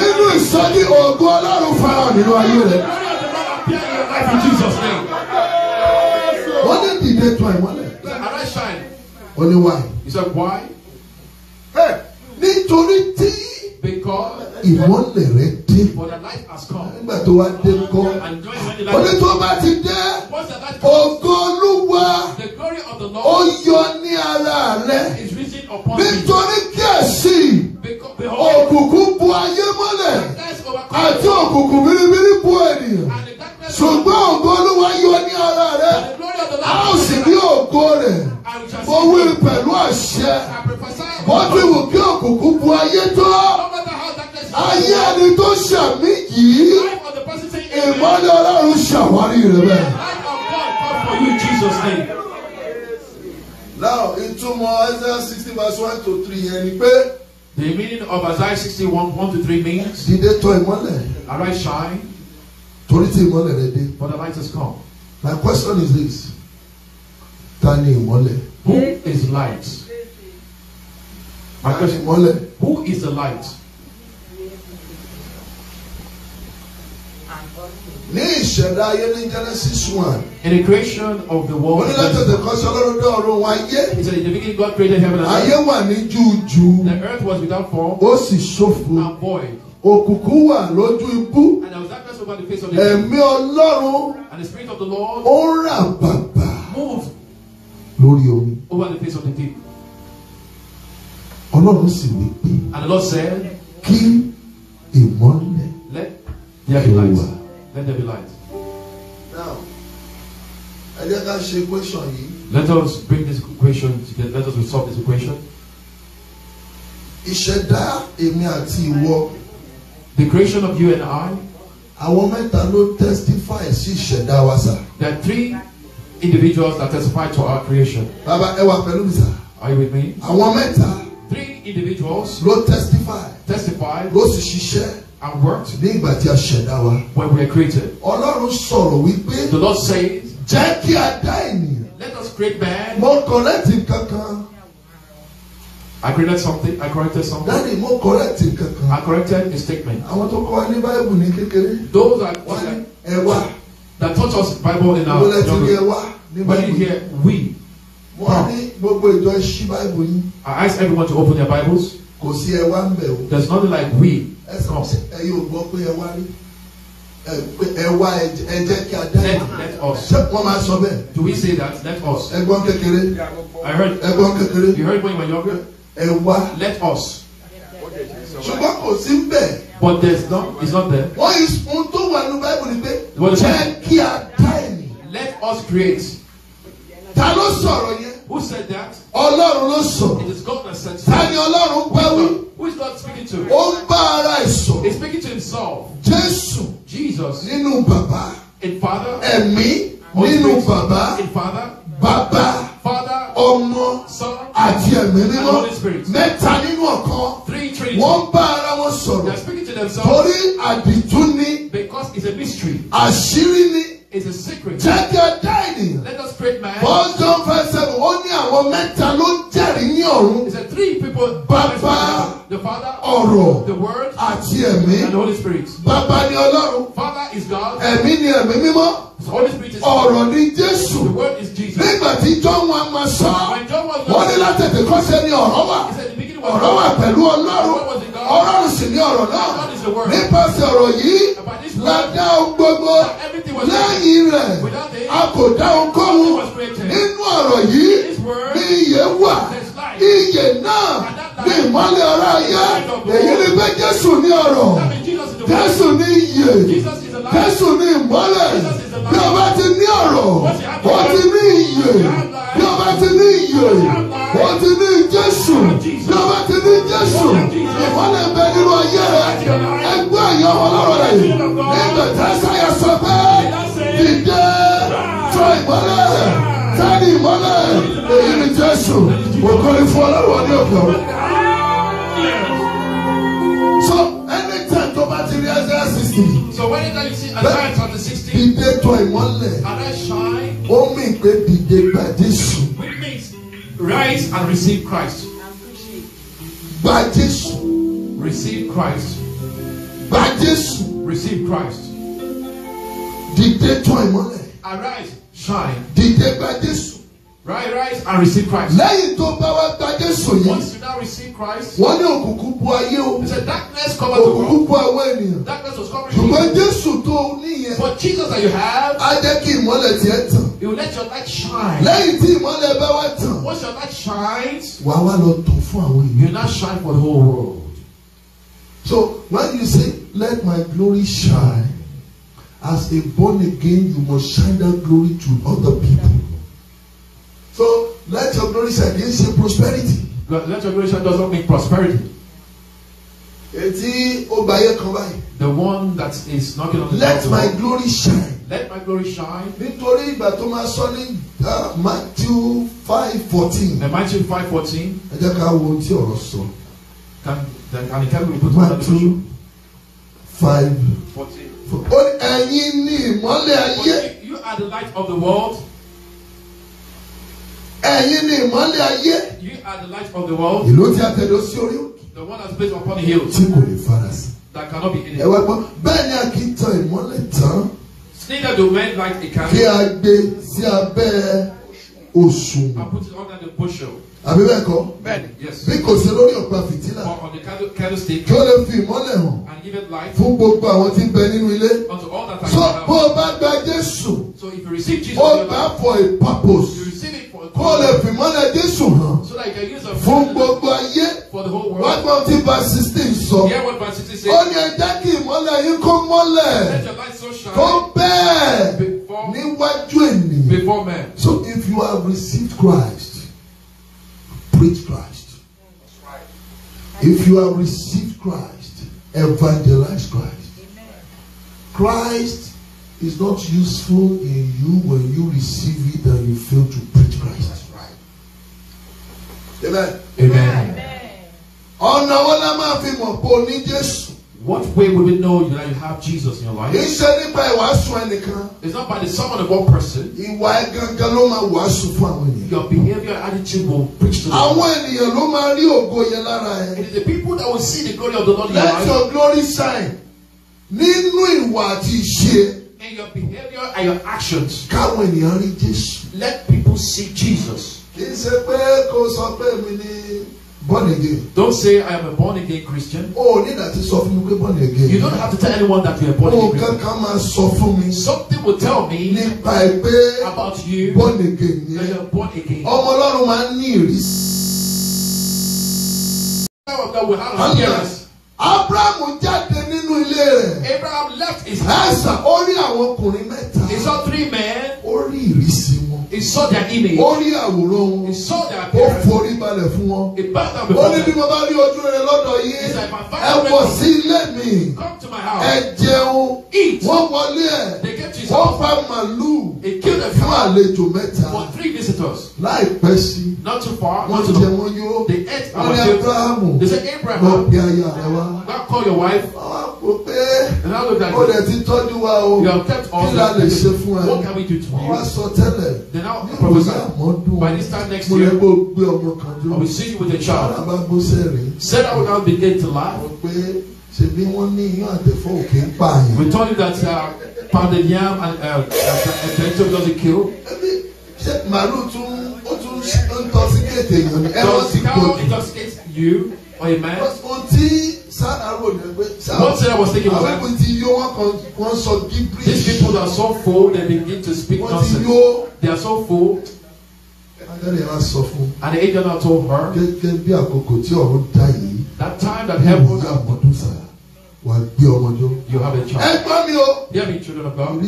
nínú ìsọjí ògo ọlọ́run farahàn nínú ayé rẹ. wọ́n ní dìde tó ẹ̀ mọ́lẹ̀. ó ní wáyé. nítorí tí ìmọ́lẹ̀ rẹ dé nígbà tó wá dé kọ́ oní tó bá ti dé ògo olúwa ó yọ ní ara rẹ nítorí kíyèsí òkùnkùn bu ayé mọ́lẹ̀ àti òkùnkùn biribiri bu ènìyàn ṣùgbọ́n ògo olúwa yọ ní ara rẹ a ó sì ní ògo rẹ mo wí pẹ̀lú àṣẹ wọ́n ti wù kí òkùnkùn bu ayé tó ayé ẹni tó ṣẹ̀mí yìí ìmọ́lẹ̀ ọlọ́run ṣàwárí rẹ bẹ́ẹ̀. Now, ìtumọ̀ Isaiah sixty verse one to three yẹn ni pé. The meaning of Isaiah sixty one one to three means. Dìde tọ ìmọ́lẹ̀. Arise shine. Torí tí ìmọ́lẹ̀ rẹ dé. For the light has come. My question is this. Ta ni ìmọ́lẹ̀? Who is light? My question. Ìmọ́lẹ̀. Who is the light? ní ìṣẹ̀dá ayé ní Genesis one. in the creation of the world. wọ́n ní láti ọ̀sẹ̀ kan sọ lọ́dún dán ọ̀run wọn ayé. he said in the beginning God created heaven and earth. ayé wà ní jújú. the earth was without form. ó sì ṣófo. and void. òkùnkùn wà lójú ikú. and there was darkness over the face of the earth. ẹ̀mí Ọlọ́run. and the spirit of the Lord. ó rà bàbà. moved. lórí omi. over the face of the deep. Ọlọ́run sì wí pé. and the Lord said. kí ìmọ́lẹ̀. let there be light. Let there be light. Now, ẹ jẹ́ ká question yìí. Let us bring this equation together. Let us resolve this equation. Ìṣẹ̀dá èmi àti ìwọ. The creation of you and I. Àwọn mẹ́ta ló testify sí ìṣẹ̀dá wa sà. There are three individuals that testify to our creation. Baba ẹ wà pẹ̀lú mi sà. Are you with me? Àwọn mẹ́ta. Three individuals. Ló testify. Testify. Ló sì ṣiṣẹ́. and worked. Ní ìgbà tí a ṣẹ̀dá wa. When we are created. Ọlọ́run sọ̀rọ̀ wípé. The Lord says, Jẹ́ kí a dá ènìyàn. Let us create man. Mo correct kankan. I created something. I corrected something. Daddy, mo correct kankan. I corrected a statement. Àwọn tó kọ́ wa ní Báyìbù ní kékeré. Those are what I. Ẹ wá. That taught us Bible in our. Mo lè ti ẹ wá ní Báyìbù. When you hear we. Mo ní gbogbo ìjọ ṣí Báyìbù yín. I ask everyone to open their Bibles. Kò sí ẹ wá ń bẹ̀ o. There is nothing like we. ẹsẹ̀ ọ̀sẹ̀ ẹ yóò gbọ́ pé ẹ wá rí ẹ wá ẹ jẹ́ kí a dá ẹ ṣé wọ́n máa sọ bẹ́ẹ̀. do we say that let us. ẹ̀gbọ́n kékeré ẹ̀gbọ́n kékeré you heard when you were younger. ẹ wá let us. ṣùgbọ́n kò sí bẹ́ẹ̀. but there is not is not there. wọ́n yìí ohun tó wà ní báyìí ni pé jẹ́ kí a dá ẹ̀ let us create. ta ló sọ̀rọ̀ yẹn. Who said that? Ọlọ́run ló sọ. It is God that said so. Tani Ọlọ́run bá wí. Who is God speaking to? Ó ń bá ara ẹ̀ sọ. He is speaking to himself. Jésù. Jesus. Nínú bàbá. In Father. Ẹ̀mí. Nínú bàbá. In Father. Bàbá. Father. Ọmọ. Son. Àti ẹ̀mí Spirit. Mẹ́ta nínú ọ̀kan. Three three. Wọ́n bá ara wọn sọ̀rọ̀. They are speaking to themselves. Torí àdìtú ni. Because it's a mystery. Àṣírí ni is a secret. Check your diary. Let us create man. First John five seven ó ní àwọn mẹ́ta ló ń jẹ́rìí ní ọ̀run. He said three people. Bàbá the Father ọ̀rọ̀ the Word àti ẹ̀mí and the Holy Spirit. Bàbá ni Ọlọ́run. Father is God. Ẹ̀mí ni ẹ̀mí mímọ́. Holy Spirit is Ọ̀rọ̀ ni Jésù. The Word is Jesus. Nígbà tí John wa máa sọ, wọ́n ní láti ètò ìkọ́sẹ́ ni ọ̀rọ̀ wà. Ọ̀rọ̀ wà pẹ̀lú Ọlọ́run. Ọlọ́run sì ni ọ̀rọ̀ náà. Nípasẹ̀ ọ̀rọ̀ yìí, la dá ohun gbogbo lẹ́yìn rẹ̀ àbòdá ogóhùn nínú ọ̀rọ̀ yìí ní ìyè wà ìyè náà ní ìmọ́lẹ̀ ọ̀rọ̀ ayé èyí ni pé Jésù ní ọ̀rọ̀ Jésù ní ìyè. Jésù ní ìmọ́lẹ̀ bí o bá ti ní ọ̀rọ̀ o ti ní ìyè bí o bá ti ní ìyè o ti ní Jésù bí o bá ti ní Jésù ìmọ́lẹ̀ bẹ nínú ayé rẹ ẹgbẹ́ ẹ̀yọ́ ọlọ́rọ̀ rẹ nígbà tí Àìsáyà sọ pé dìde tọ ìmọ́lẹ̀ tẹ́lẹ̀ ìmọ́lẹ̀ èyí ni Jésù òkòlì fún ọlọ́run ní òkè ọ̀rọ̀. So anytime you see Isaiah on the 16th. Dìde tọ ìmọ́lẹ̀. Arise shine. Ó mì pé dìde gba Which means rise and receive Christ. Gba Jésù. Receive Christ. Gba Jésù. Receive Christ. Dìde tọ ìmọ́lẹ̀. Arise shine. Dìde gba Right, right, and receive Christ. Lẹ́yìn tó bá wá gba Jésù yìí. Once you now receive Christ. Wọ́n ní òkùnkùn bu ayé o. He said darkness covered the world. Òkùnkùn bu àwọn ènìyàn. Darkness was covering you. Ṣùgbọ́n Jésù tó níyẹn. But Jesus that you have. Á jẹ́ kí ìmọ́lẹ̀ tiẹ̀ tàn. He will let your light shine. Lẹ́yìn tí ìmọ́lẹ̀ bá wá tàn. Once your light shines. Wà wá lọ tàn fún àwọn ènìyàn. You now shine for the whole world. So when you say let my glory shine as a born again you must shine that glory to other people. So let your glory shine kì í prosperity. Let your glory shine does not mean prosperity. Ètí ó gba The one that is knocking on the door. Let my glory shine. Let my glory shine. Nítorí ìgbà tó máa sọ ní uh, Matthew five fourteen. Matthew five fourteen. Ẹ jẹ́ ká wo ohun tí ọ̀rọ̀ sọ. Can can you tell me what Matthew five fourteen. Ó ẹ̀yin ni ìmọ́lẹ̀ ayé. You are the light of the world ẹ̀yin ni ìmọ́lẹ̀ ayé. you are the light of the world. ìlú tí a tẹ̀lé sí orí the one that's based upon the hill. tí kò lè farasí. that cannot be hidden. ẹ wá gbọ́ bẹ́ẹ̀ ni a kì í tan ìmọ́lẹ̀ tán. neither do men light a candle. kí a gbé sí abẹ́ òṣùwọ̀n. I put it under the bushel àbí bẹ́ẹ̀ kọ́ bí kò sí lórí ọ̀pá fìtílà kí ó lè fi ìmọ́lẹ̀ hàn fún gbogbo àwọn tí ń bẹ nínú ilé so bó o bá gba Jésù ó bá for a purpose kó o lè fi ìmọ́lẹ̀ Jésù hàn fún gbogbo ayé wọ́n gbọ́n tí bá sixteen sọ ó ní ẹ jẹ́ kí ìmọ́lẹ̀ yín kó mọ́lẹ̀ tó bẹ́ẹ̀ níwájú ènìyàn so if you have received Christ preach Christ. If you have received Christ, evangelize Christ. Christ is not useful in you when you receive it and you fail to preach Christ. Amen. Amen. Ọ̀nà wọn What way would we know that you have Jesus in your life? It's not by the sermon of one person. Your behavior, and attitude will preach to them. It is the people that will see the glory of the Lord in your life. Let your glory shine nínú In your behavior and your actions. Let people see Jesus. Kì í born again. Don't say I am a born again Christian. Oh, need that to suffer mi pé born again. You don't have to tell anyone that you are born again. Oh, kankan come and suffer me. Something will tell me. About you. Born again That you are born again. Oh, my Lord, my ní ìrísí. God Abraham jáde nínú ilé rẹ̀. Abraham left his house. Ẹ̀sà ó rí àwọn ọkùnrin mẹ́ta. He saw three men. Ó rí ìrísí wọn he saw their image. ó rí àwòrán wọn. he saw their appearance. ó forí balẹ̀ fún wọn. he bowed down before them. ó ní bí mo bá rí ojú rẹ lọ́dọ̀ yìí. ẹ wọ sí ilé mi. come to my house. ẹ jẹun. eat. wọ́n wọlé ẹ̀. they came to his house. wọ́n pa màlúù. he killed a cow. fún àlejò mẹ́ta. for three visitors. láìpẹ́ sí. not too far. wọ́n jẹ wọ́n yó. they ate our children. wọ́n ní abrahamu. they said abraham. lọ bí aya rẹ wá. now call your wife. wọ́n á pò pé. and now look at you. ó lè ti tọ́jú wa o. you have kept all the. kí la lè ṣe fún ẹ. what can we do to you. wọ́n á sọ tẹ́lẹ̀. Then now, prophesy. By this time next year, I will see you with a child. Said I will now begin to laugh. we told you that uh, pounded yam and uh, uh, potato doesn't kill. ṣe màálù tún ó tún intoxicate èèyàn ni. does cow intoxicate you or a man. One thing I was thinking about. These people that are so full, they begin to speak nonsense. They are so full. And the angel now told her. That time that heaven. Ó yà You have a child. Ẹ gbọ́ mi o. children of God.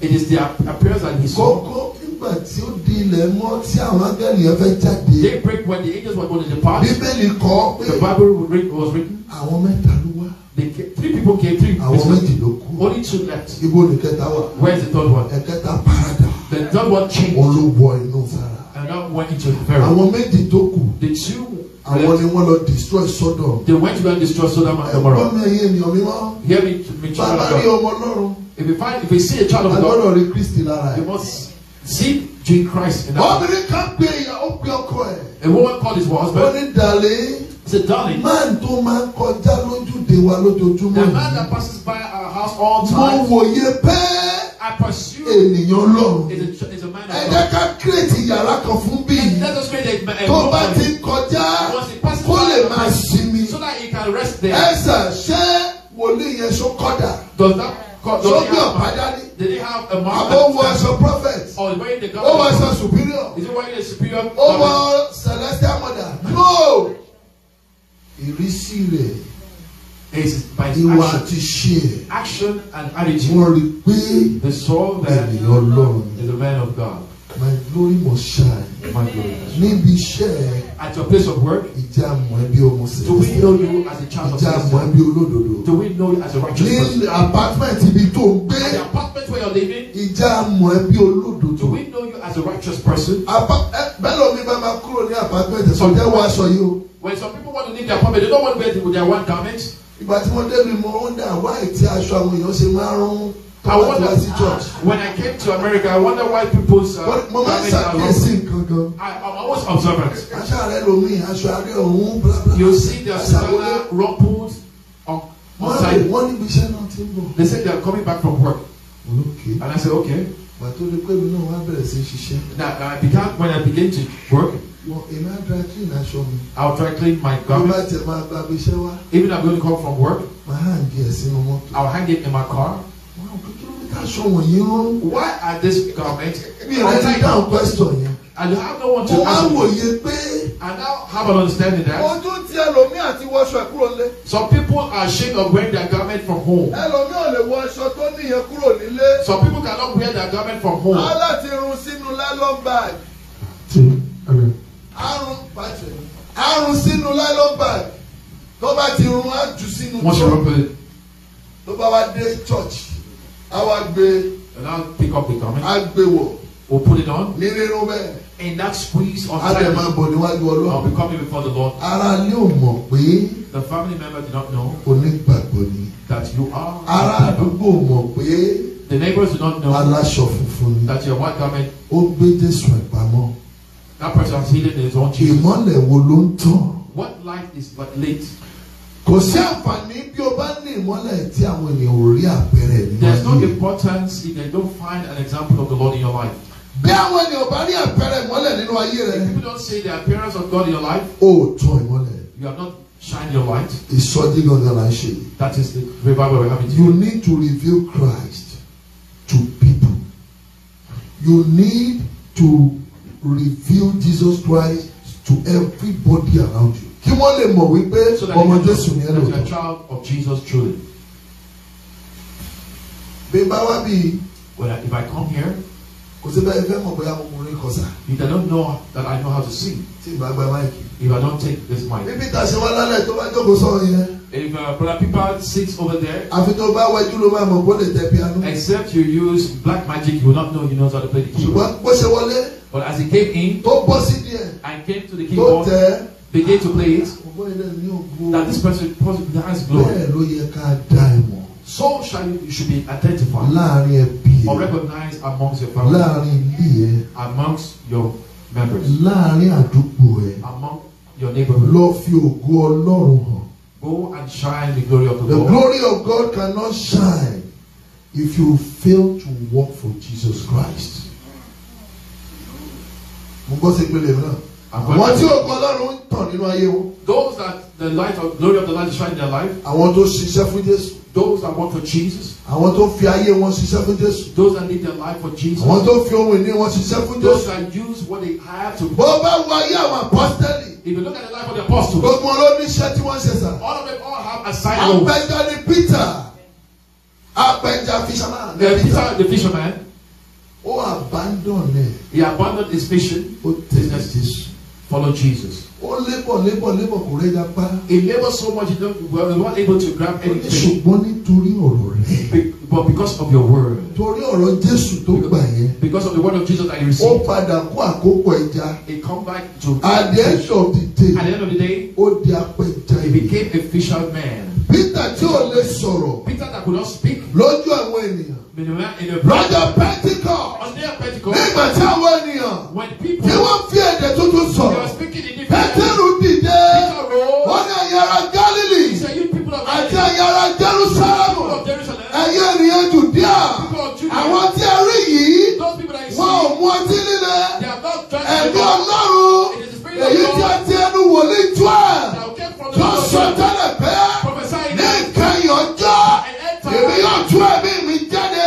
It is their appearance that he saw. Kókó nígbà tí ó di ilẹ̀ mọ́ tí àwọn áńgẹ́lì yẹn fẹ́ jáde. they break when the angels were going to depart. bíbélì kọ pé. the bible was written. àwọn mẹ́ta ló wá. they came three people came three. àwọn méjì ló kú. only two left. ibo ni kẹta wà. where is the third one. ẹ̀kẹta parada. the third one changed. wọ́n ló wọ inú sára. and now went into the pharaoh. àwọn méjì tó kù. the two àwọn ni wọ́n lọ destroy Sodom. they went to go destroy Sodom and Gomorrah. ẹ̀gbọ́n mi ẹ̀yẹ ènìyàn mi wọ́n. hear me bàbá rí ọmọ Ọlọ́run. if you find if you see a child of God. agbọ́dọ̀ rí Kristi lára ẹ̀. you must. See, during Christ. Obìnrin kan gbé ìyàwó gbé ọkọ ẹ̀. A woman called his husband. Ó ní dàlẹ́. He said, darling. Man tó máa ń kọjá lójúde wa lójoojúmọ́. The man that passes by our house all the time. Mo wòye pé. I pursue. Ènìyàn lọ́rùn. Is a man of God. Ẹ jẹ́ ká create yàrá kan fún bí. Let us create a a Tó bá ti ń kọjá. Kó lè máa sinmi. So that he can rest there. Ẹ̀sà ṣé wòlíì yẹn ṣó kọ́dà? Does that sójú àbájá ni àbọ̀ wọ aṣọ prophet ó was aṣọ superior Is wearing superior? Over celestial mother no He received it by to share. ìrísí rẹ̀ ìwà àti the ẹ̀ wọ́n rí man of God. my glory must shine My glory. níbi iṣẹ́ share at your place of work? Ìjà mọ̀ ẹbí ọmọ sẹ́yìn. Do we know you as a child of God? Ìjà mọ̀ ẹbí olódodo. Do we know you as a righteous person? Ní apartment ibi tó ń gbé. The apartment where you're living. Ìjà mọ̀ ẹbí olódodo. Do we know you as a righteous person? Bẹ́ẹ̀ lómi bá kúrò ní apartment ẹ̀sọ́ jẹ́ wọ aṣọ yìí o. When some people want to leave their apartment, they don't want to wear their one garment. Ìgbà tí wọ́n débi mo wonder why tí aṣọ àwọn èèyàn ṣe máa rún. I wonder, when I came to America, I wonder why people's. Uh, I, I'm always observant. you see their stomach rumpled on, on side. They said they are coming back from work. Okay. And I said, okay. But to the point, She Now, I began, when I began to work, I'll try to clean my garment. Even I'm going to come from work, I'll hang it in my car. aṣọ wọ̀nyí rún. why are these garments. mi ò ti dáhùn question yẹn. and you have no one to ask mo wá wòye pé. and now have an understanding that. ojú ti ẹlòmíì àti wọṣọ kúrò lé. some people are ashamed of wearing their garment from home. ẹlòmíì ò lè wọ aṣọ tó níyẹn kúrò nílé. some people cannot wear their garment from home. aláti run sínú nylon bag. arun bàtẹ arun sínú nylon bag tó bá ti run á jù sínú. wọ́n ṣe wọ́n tó bá wá dé church àwa gbé. and now pick up the garment. a gbé wọ̀. we put it on. ní rírun bẹ́ẹ̀. in that squeeze of time. a dẹ̀ níwájú ọlọ́run. I'll be coming before the Lord. ara ilé ò mọ̀ pé. the family member did not know. onígbàgbọ́ ni. that you are. ara àdúgbò mọ̀ pé. the neighbors do not know. aláṣọ funfun ni. that your white garment. ó gbé Jésù ẹ̀ pamọ́. that person has hidden his own ìmọ̀lẹ̀ wo ló ń tàn. what life is but late. Kò sí àǹfààní bí o bá ní ìmọ́lẹ̀ tí àwọn ènìyàn ò rí àpẹẹrẹ There is no importance if they don't find an example of the Lord in your life. Bí àwọn ènìyàn ò bá àpẹẹrẹ ìmọ́lẹ̀ nínú ayé rẹ. If you don't see the appearance of God in your life. O tọ́ ìmọ́lẹ̀. You have not shine your light. Ìsọjí gangan la ń ṣe. That is the revival we You need to reveal Christ to people. You need to reveal Jesus Christ to everybody around you. kí wọ́n lè mọ̀ wípé ọmọ Jésù yẹn lò. bí bá wá bí. Well, if I come here. kò sí báyìí fẹ́ mọ̀ bóyá mo mú orin kọsà. you don't know that I know how to sing. tí ìgbà gba máìkì. if I don't take this mic. bíbí ta ṣe wá lálẹ́ tó bá jókòó sọ̀rọ̀ yẹn. if uh, brother Pippa sits over there. àfi tó bá wájú ló máa mọ̀ kó lè tẹ piano. except you use black magic you will not know you know how to play the keyboard. ṣùgbọ́n bó ṣe wọlé. but as he came in. tó bọ́ sí díẹ̀. I came to the keyboard. tó tẹ̀ begin to play it that this person possibly has glory. So shall you, you should be identified or recognized amongst your family, amongst your members, among your neighborhood. Go and shine the glory of the, the Lord. The glory of God cannot shine if you fail to work for Jesus Christ àwọn tí ògo ọlọ́run ń tàn nínú ayé wọn. those that the light of glory of the light shine in their life. àwọn tó ṣiṣẹ́ fún Jésù. those that work for Jesus. àwọn tó fi ayé wọn ṣiṣẹ́ fún Jésù. those that need their life for Jesus. àwọn tó fi ohun ìní wọn ṣiṣẹ́ fún Jésù. those that use what they have to. bó bá wo ayé àwọn apọ́sítẹ́lì. if you look at the life of the apostles. gbogbo wọn ló ní iṣẹ́ tí wọ́n ṣe sà. all of them all have assignment. apẹja ni Peter apẹja fisherman. the Peter the fisherman. ó abandon ẹ. he abandoned his mission. ó tẹ̀lé Jésù. Follow Jesus. Ó lébọ̀ lébọ̀ lébọ̀ kò rẹ̀ yapa. He labour so much he don't well he not able to grab anything. Ṣùgbọ́n nítorí ọ̀rọ̀ rẹ̀. But because of your word. Torí ọ̀rọ̀ Jésù tó gbà yẹn. Because of the word of Jesus that he received. Ó padà kó àkókò ẹja. He come back to. At the end of the day. At the end of the day. Ó di apẹja. He became a fisher man. Peter tí ò lè sọ̀rọ̀. Peter that could not speak. Lójú àwọn ènìyàn. Mìnira Lọ́jọ́ Pentecost. On their Pentecost. Nígbà tí àwọn ènìyàn. When people. Tí wọ́n fi èdè tuntun sọ̀rọ̀. They were speaking in different. Pétérù dìde. Peter rose. Wọ́n ní ẹ̀yà ara Galilee. He Galilee. Àti ẹ̀yà ara Jerusalem. People of Jerusalem. Ẹ̀yà ènìyàn Judea. of Judea. Àwọn tí a rí yìí. Those you see. Wọn ò mu ọtí líle. They have not drank. Ẹ̀mí Ọlọ́run. It Èyí tí a ti ẹnu wòlíì twelve. That Tó sọ tú ẹ̀mí mi jáde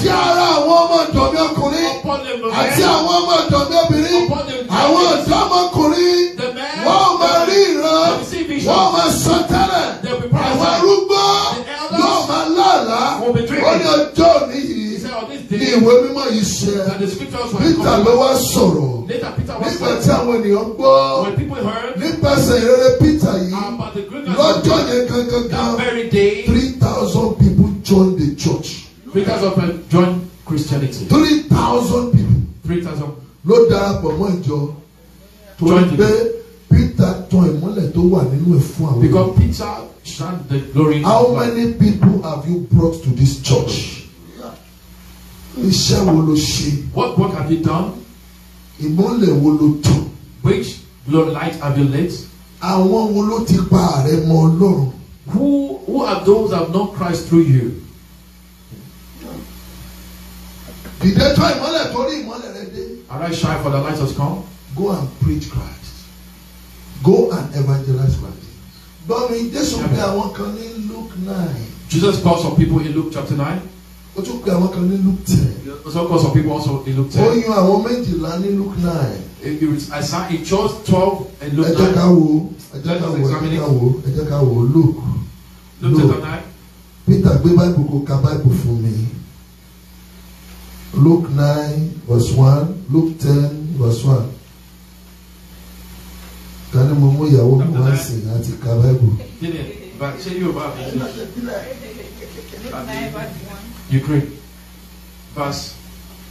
sí ara àwọn ọmọ ọ̀dọ̀ mi ọkùnrin àti àwọn ọmọ ọ̀dọ̀ mi obìnrin àwọn ọ̀dọ́ ọmọkùnrin wọ́n máa rí ìran wọ́n máa sọ tẹ́lẹ̀ àwọn arúgbó yóò máa láàlá ó ní ọjọ́ òní yìí ní ìwé mímọ́ yìí ṣe Peter ló wá sọ̀rọ̀ nígbà tí àwọn ènìyàn gbọ́ nípasẹ̀ ìrere Peter yìí lọ́jọ́ yẹn gangan three Join the church. Because of them joined Christianity. Three thousand people. Three thousand. Ló darapọ̀ mọ́ ìjọ. Torí pé Peter tan ìmọ́lẹ̀ tó wà nínú ẹ̀ fún àwọn. Because Peter shine the glory. How many people have you brought to this church? Iṣẹ́ wo ló ṣe? What work have you done? Ìmọ́lẹ̀ wo ló tàn? Which light have you lit? Àwọn wo ló ti pa àrẹ mọ Ọlọ́run? Who, who are those that have known Christ through you? Dìde tó ìmọ́lẹ̀ for the light has come. Go and preach Christ. Go and evangelize Christ. me, this pé I want ní Look nine. Jesus called some people in Luke chapter nine. What you can look kan ní Luke ten. He also called some people also in Luke ten. Ó yan you learn in Luke nine. I saw in John twelve and Luke nine. ẹjẹ ká wò ẹjẹ ká wò ẹjẹ ká wò Luke Luke Peter gbé báìbù kó ka báìbù fún mi Luke nine verse one Luke ten verse one kani mo mú ìyàwó mi wá sí i àti ka báìbù. ṣé yóò bá mi ṣe. Ukraine. Verse.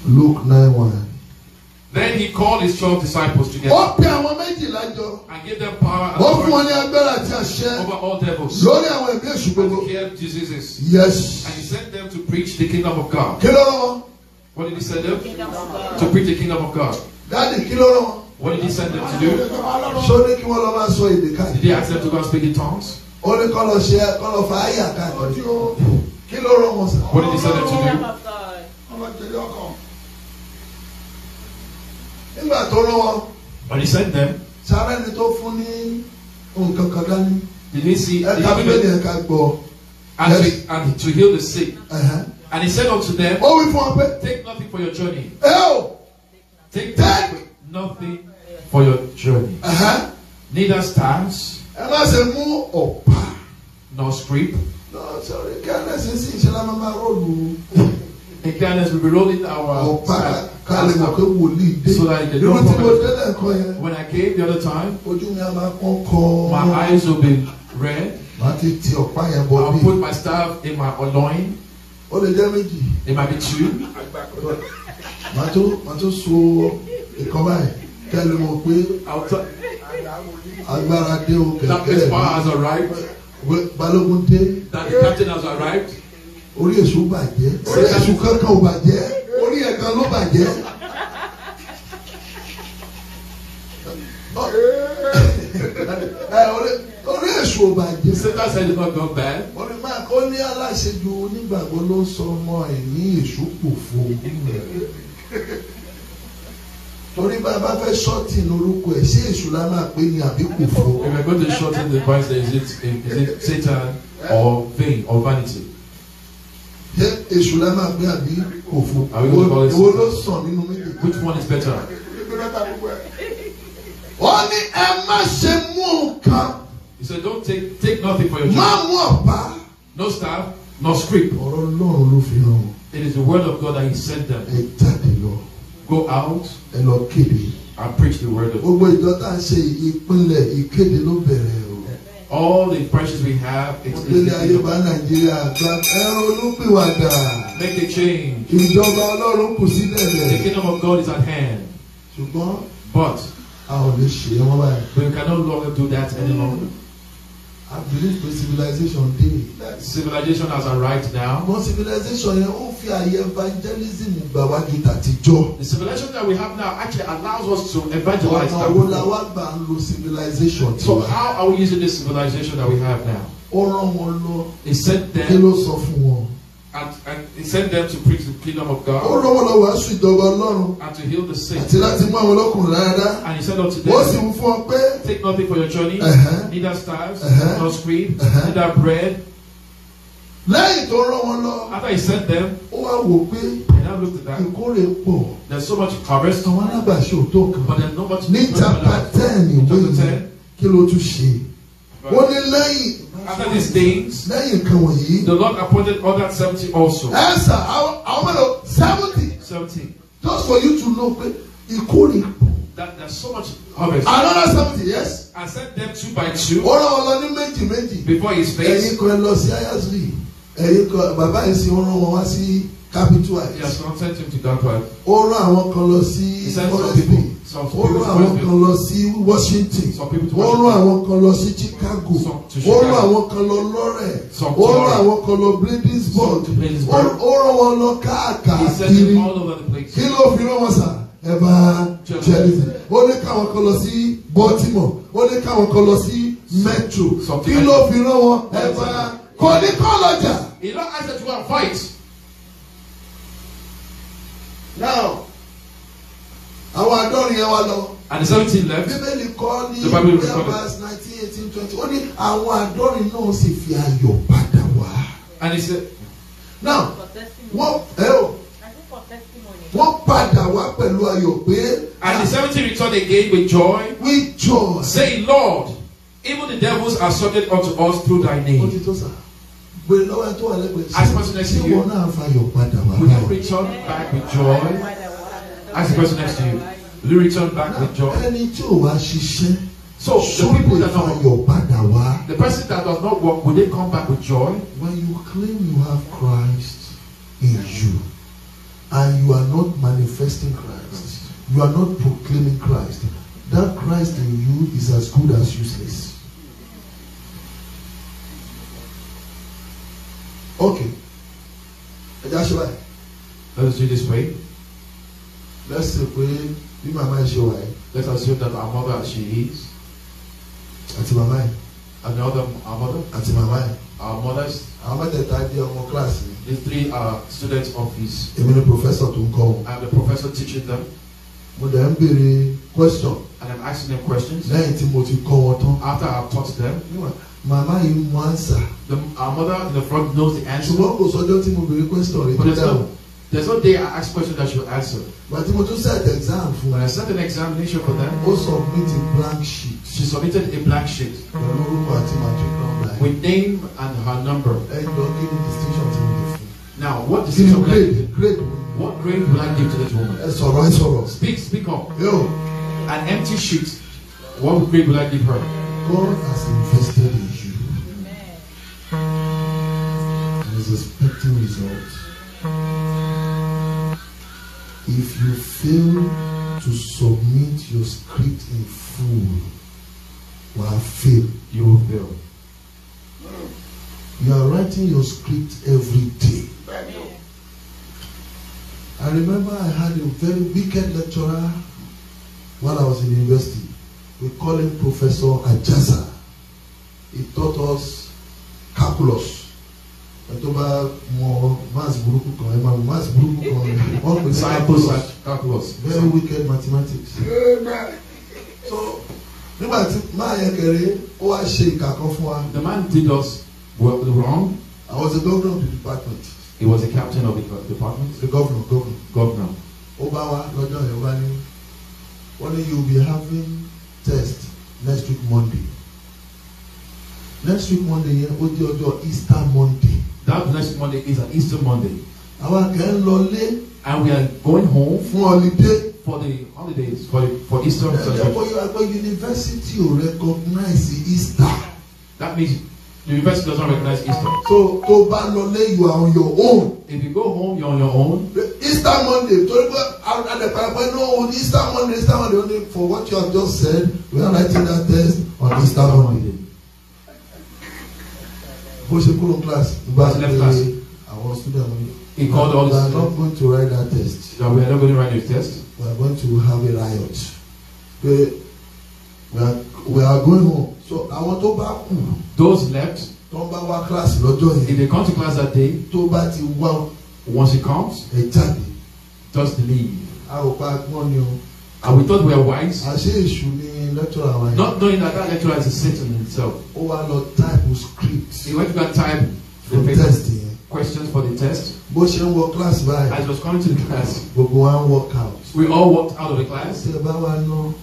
Luke nine one. Then he called his twelve disciples together. And gave them power and authority. Over all devils. Lórí àwọn ẹ̀mí And he healed diseases. Yes. And he sent them to preach the kingdom of God. Kí What did he send them? To preach the kingdom of God. Dáàdi kí What did he send them to do? Did they ask them to go and speak in tongues? What did he send them to do? nígbà tó lọ. but he sent them. sáré ni tó fún ní nǹkan kan dání. did he see. ẹ̀ka bíbélì ẹ̀ka gbọ́. and to and to heal the sick. Uh-huh. and he said unto them. ó wí fún ọ pé. take nothing for your journey. ẹ o. take nothing for your journey. Uh-huh. neither stands. ẹ má ṣe mú ọ̀pá. nor strip. no sorry kí ẹ lẹ́sìn sí ìṣẹ́lá máa máa rọ́ọ̀lù. in kindness we be rolling our. ọ̀pá kálí mọ̀ pé wòlíì dé nínú tí mo délẹ̀ nǹkan yẹn when I came the other time ojú mi a máa kán kọ́ my eyes will be red màá ti ti ọ̀pá yẹn bọ̀ bí I put my staff in my loin ó lè jẹ́ méjì it might be two màá tó màá tó so ìkan báyìí kẹ́lẹ́ mọ̀ pé agbára dé o kẹ̀kẹ́ rẹ̀ dé that the captain has arrived orí èṣù bàjẹ́ orí èṣù kankan ò bàjẹ́ orí ẹ̀kan ló bàjẹ́. orí èṣù ò bàjẹ́. sèta sẹ́ni kankan bẹ́ẹ̀. orí máa kó ní aláṣejù onígbàgbọ́ ló sọ ọmọ ẹ̀ ní èṣù pòfo. torí bá a bá fẹ́ ṣọ́ọ̀tì ẹ̀ ṣé èṣù la máa pè ní àbí pòfo. if i go to shorten the price then is it is it satan or vain or vanity ṣé èṣù la máa gbé àbí òfò èwo ló sàn nínú méjì. which one is better. ó ní ẹ má ṣe mú nǹkan. he said don't take take nothing for your job. má mú ọ̀pá. no staff no script. ọ̀rọ̀ Ọlọ́run ló fi hàn it is the word of God that he sent them. ẹ jáde lọ. go out. ẹ lọ kéde. and preach the word of God. gbogbo ìjọ tá a ṣe ìpínlẹ̀ ìkéde ló bẹ̀rẹ̀ o all the pressures we have. Ìdílé ayé bá Make the change. The kingdom of God is at hand. But. We cannot longer do that any longer. I believe the civilization dey. That civilization has arrived now. Wọ́n civilization yẹn ó fi àyè evangelism gbà wá ju tàtijọ́. The civilization that we have now actually allows us to evangelize. Ọ̀nà wo la wá gbà ń lo civilization tiwa? So how are we using this civilization that we have now? Ó rán wọn lọ. He sent them. Kí ló sọ fún wọn? and and he sent them to preach the kingdom of God. ó rọwọ́ lọ wàásù ìjọba ọlọ́run. and to heal the sick. àti láti mú àwọn ọlọ́kùnrin rárá. and he said unto them. ó sì wú fún ọ pé. take nothing for your journey. Uh -huh. neither staves. Uh -huh. nor scrip. Uh -huh. neither bread. lẹ́yìn tó rán wọn lọ. after he sent them. ó wá wò pé. and I looked at that. ìkórè pọ̀. there is so much harvest. àwọn alábàáṣe ò tó kan. but there is no much. níta pa ten ìwé yìí kí ló tún ṣe. wọ́n ní lẹ́yìn after these things, the Lord appointed other seventy also. ẹ sà How many? mẹ́lò seventy. seventy. just for you to know pé that there's so much harvest. another seventy yes. I sent them two by two. ó rán wọn lọ before his face. ẹ̀yin kan lọ sí ayazuri ẹ̀yin kan bàbá yìí sì ń wọn wá sí capital. he has consented to one. ó rán àwọn kan lọ sí forest bay wọ́n rán àwọn kan lọ sí Washington wọ́n rán àwọn kan lọ sí Chicago wọ́n rán àwọn kan lọ lọ́rẹ̀ wọ́n rán àwọn kan lọ Bladensburg ó rán wọn lọ káàkiri kí ló fi rán wọn sà ẹ̀bà jẹ́rìsì ó ní káwọn kan lọ sí Baltimore ó ní káwọn kan lọ sí Metro kí ló fi rán wọn ẹ̀bà kò ní kọ́ lọ́jà. he don ask them to go and fight. now àwọn àádọ́rin yẹn wá lọ. and the seventeen left. bíbélì kọ́ ní ìwé verse nineteen eighteen twenty ó ní àwọn àádọ́rin náà sì fi ayọ̀ padà wá. and he said. now wọ́n ẹ o wọ́n padà wá pẹ̀lú ayọ̀ pé. and the seventeen returned again with joy. with joy. say lord even the devils are subject unto us through thy name. ó ti tó sá gbèrè lọ́wọ́ ẹ tó wà lẹ́gbẹ̀ẹ́ sí. as person next to you. ìwọ náà fayọ̀ padà wá. we have returned back with joy. Ask the person next to you. Will you return back with joy? So the people that don't work, the person that does not work, will they come back with joy? When you claim you have Christ in you, and you are not manifesting Christ, you are not proclaiming Christ, that Christ in you is as good as useless. Okay. That's why. Let us do this way. let's say pé bí màmá yìí ṣe wà yìí. let's assume that our mother as she is. àti màmá yìí. and the other our mother. àti màmá yìí. our mothers. àwọn mẹ́tẹ̀ẹ̀ta jẹ́ ọmọ kíláàsì. the three are students of his. èmi ni professor tó ń kọ́ wọn. I the professor teaching them. mo dẹ̀ ń béèrè question. and I'm asking them questions. lẹ́yìn tí mo ti kọ́ wọn tán. after I taught them. màmá yìí mú answer. the our mother in the front knows the answer. ṣùgbọ́n kò sọ́jọ́ tí mo béèrè question rẹ̀. but there's no there's no day I ask question that she will answer. But Timothy set an exam for I set an examination for them. Who submit a blank sheet. She submitted a blank sheet. With name and her number. Now, what distinction? will I give? Grade. What grade will I give to this woman? It's all right, all right. Speak, speak up. Yo. An empty sheet. What grade will I give her? God has invested in you. Amen. And is expecting results. If you fail to submit your script in full, you will fail. You will fail. You are writing your script every day. I remember I had a very wicked lecturer while I was in university. We call him Professor Ajasa. He taught us calculus. tó bá mọ maths burúkú kan ẹ máa mọ maths burúkú kan wọn pè calculus calculus very wicked mathematics. so nígbà tí máa yẹ kẹrẹ ó wá ṣe ìkà kan fún wa. the man did us well wrong. I was the governor of the department. He was the captain of the department. The governor, governor. Governor. Ó bá wa lọ́jọ́ yẹn wá ní wọ́n ní you be having test next week Monday. Next week Monday yẹn ó jẹ́ ọjọ́ Easter Monday. That next Monday is an Easter Monday. Àwọn kan lọ lé. And we are going home. Fún holiday. For the holidays for the, for Easter celebration. Ẹ̀dẹ̀bọ̀ Yorùbá University ò recognize Easter. That means the university does not recognize Easter. So tó bá lọ lé you are on your own. If you go home you are on your own. Easter Monday torí pé àdèpàdàpà no on Easter Monday Easter Monday only for what you have just said we are writing that test on Easter Monday bó ṣe kúrò class bá ṣe lè àwọn student mi. he called all the students. we are not going to write that test. so we are not going to write the test. we are going to have a riot. we are we are going home. so àwọn tó bá kù. those left. tó ń bá wá class lọ́jọ́ yẹn. if they come to class that day. tó bá ti wá. once he comes. ẹ jáde. just leave. a ò pa agbọ́n ni o. And we thought we were wise. Àṣé èṣù ni lecturer wa. Not knowing that that lecturer is a Satan himself. Oh, I lọ type of script. He went to that type the test Questions for the test. Bó ṣe ń wọ class báyìí. As he was coming to the class. we go and walk out. We all walked out of the class. Ṣé ẹ bá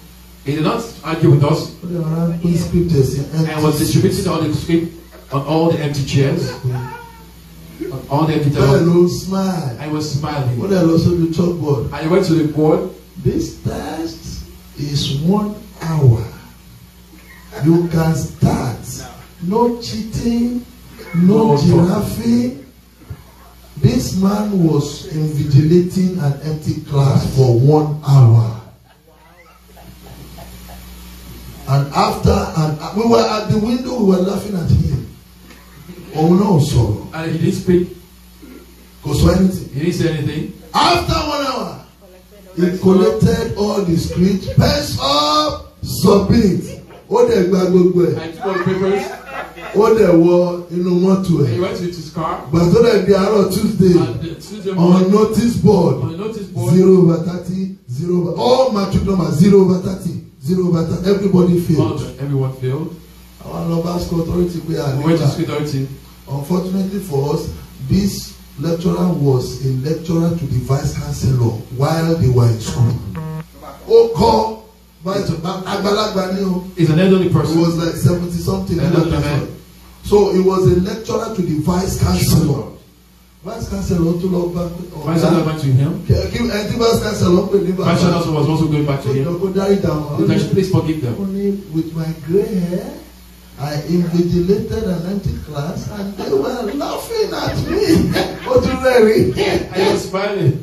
He did not argue with us. Ó lè rán pín script And was distributed all the script on all the empty chairs. on all the empty chairs. I was smiling. I lè lọ sórí chalkboard. And went to the board. This test is one hour. You can start. No cheating, no, no giraffing. This man was invigilating an empty class for one hour. And after, and we were at the window, we were laughing at him. Oh no, so. And he didn't speak. Because anything. He didn't say anything. After one hour he collected all the script pens up submit ó dẹ̀ gba gbogbo ẹ̀ ó dẹ̀ wọ inú mọ́tò ẹ̀ gbàtọ́ dẹ̀ di àárọ̀ tuesday on notice board zero over thirty zero over all matric number zero over thirty zero over thirty everybody failed. àwọn lọ́ba school authority gbé àdébà unfortunately for us this lecturer was a lecturer to the vice chancellor while they were in school. ó kọ́ vice àgbàlagbà ni o. he's an elderly person. he was like seventy something. an elderly man. so he was a lecturer to the vice chancellor. vice chancellor to lọ bá. vice chancellor back to him. kí ẹ vice chancellor pè ní bàbá. vice chancellor was also going back to him. please forgive them. with my grey hair. I invigilated an empty class and they were laughing at me. Ó tún rẹ̀rí. I was smiling.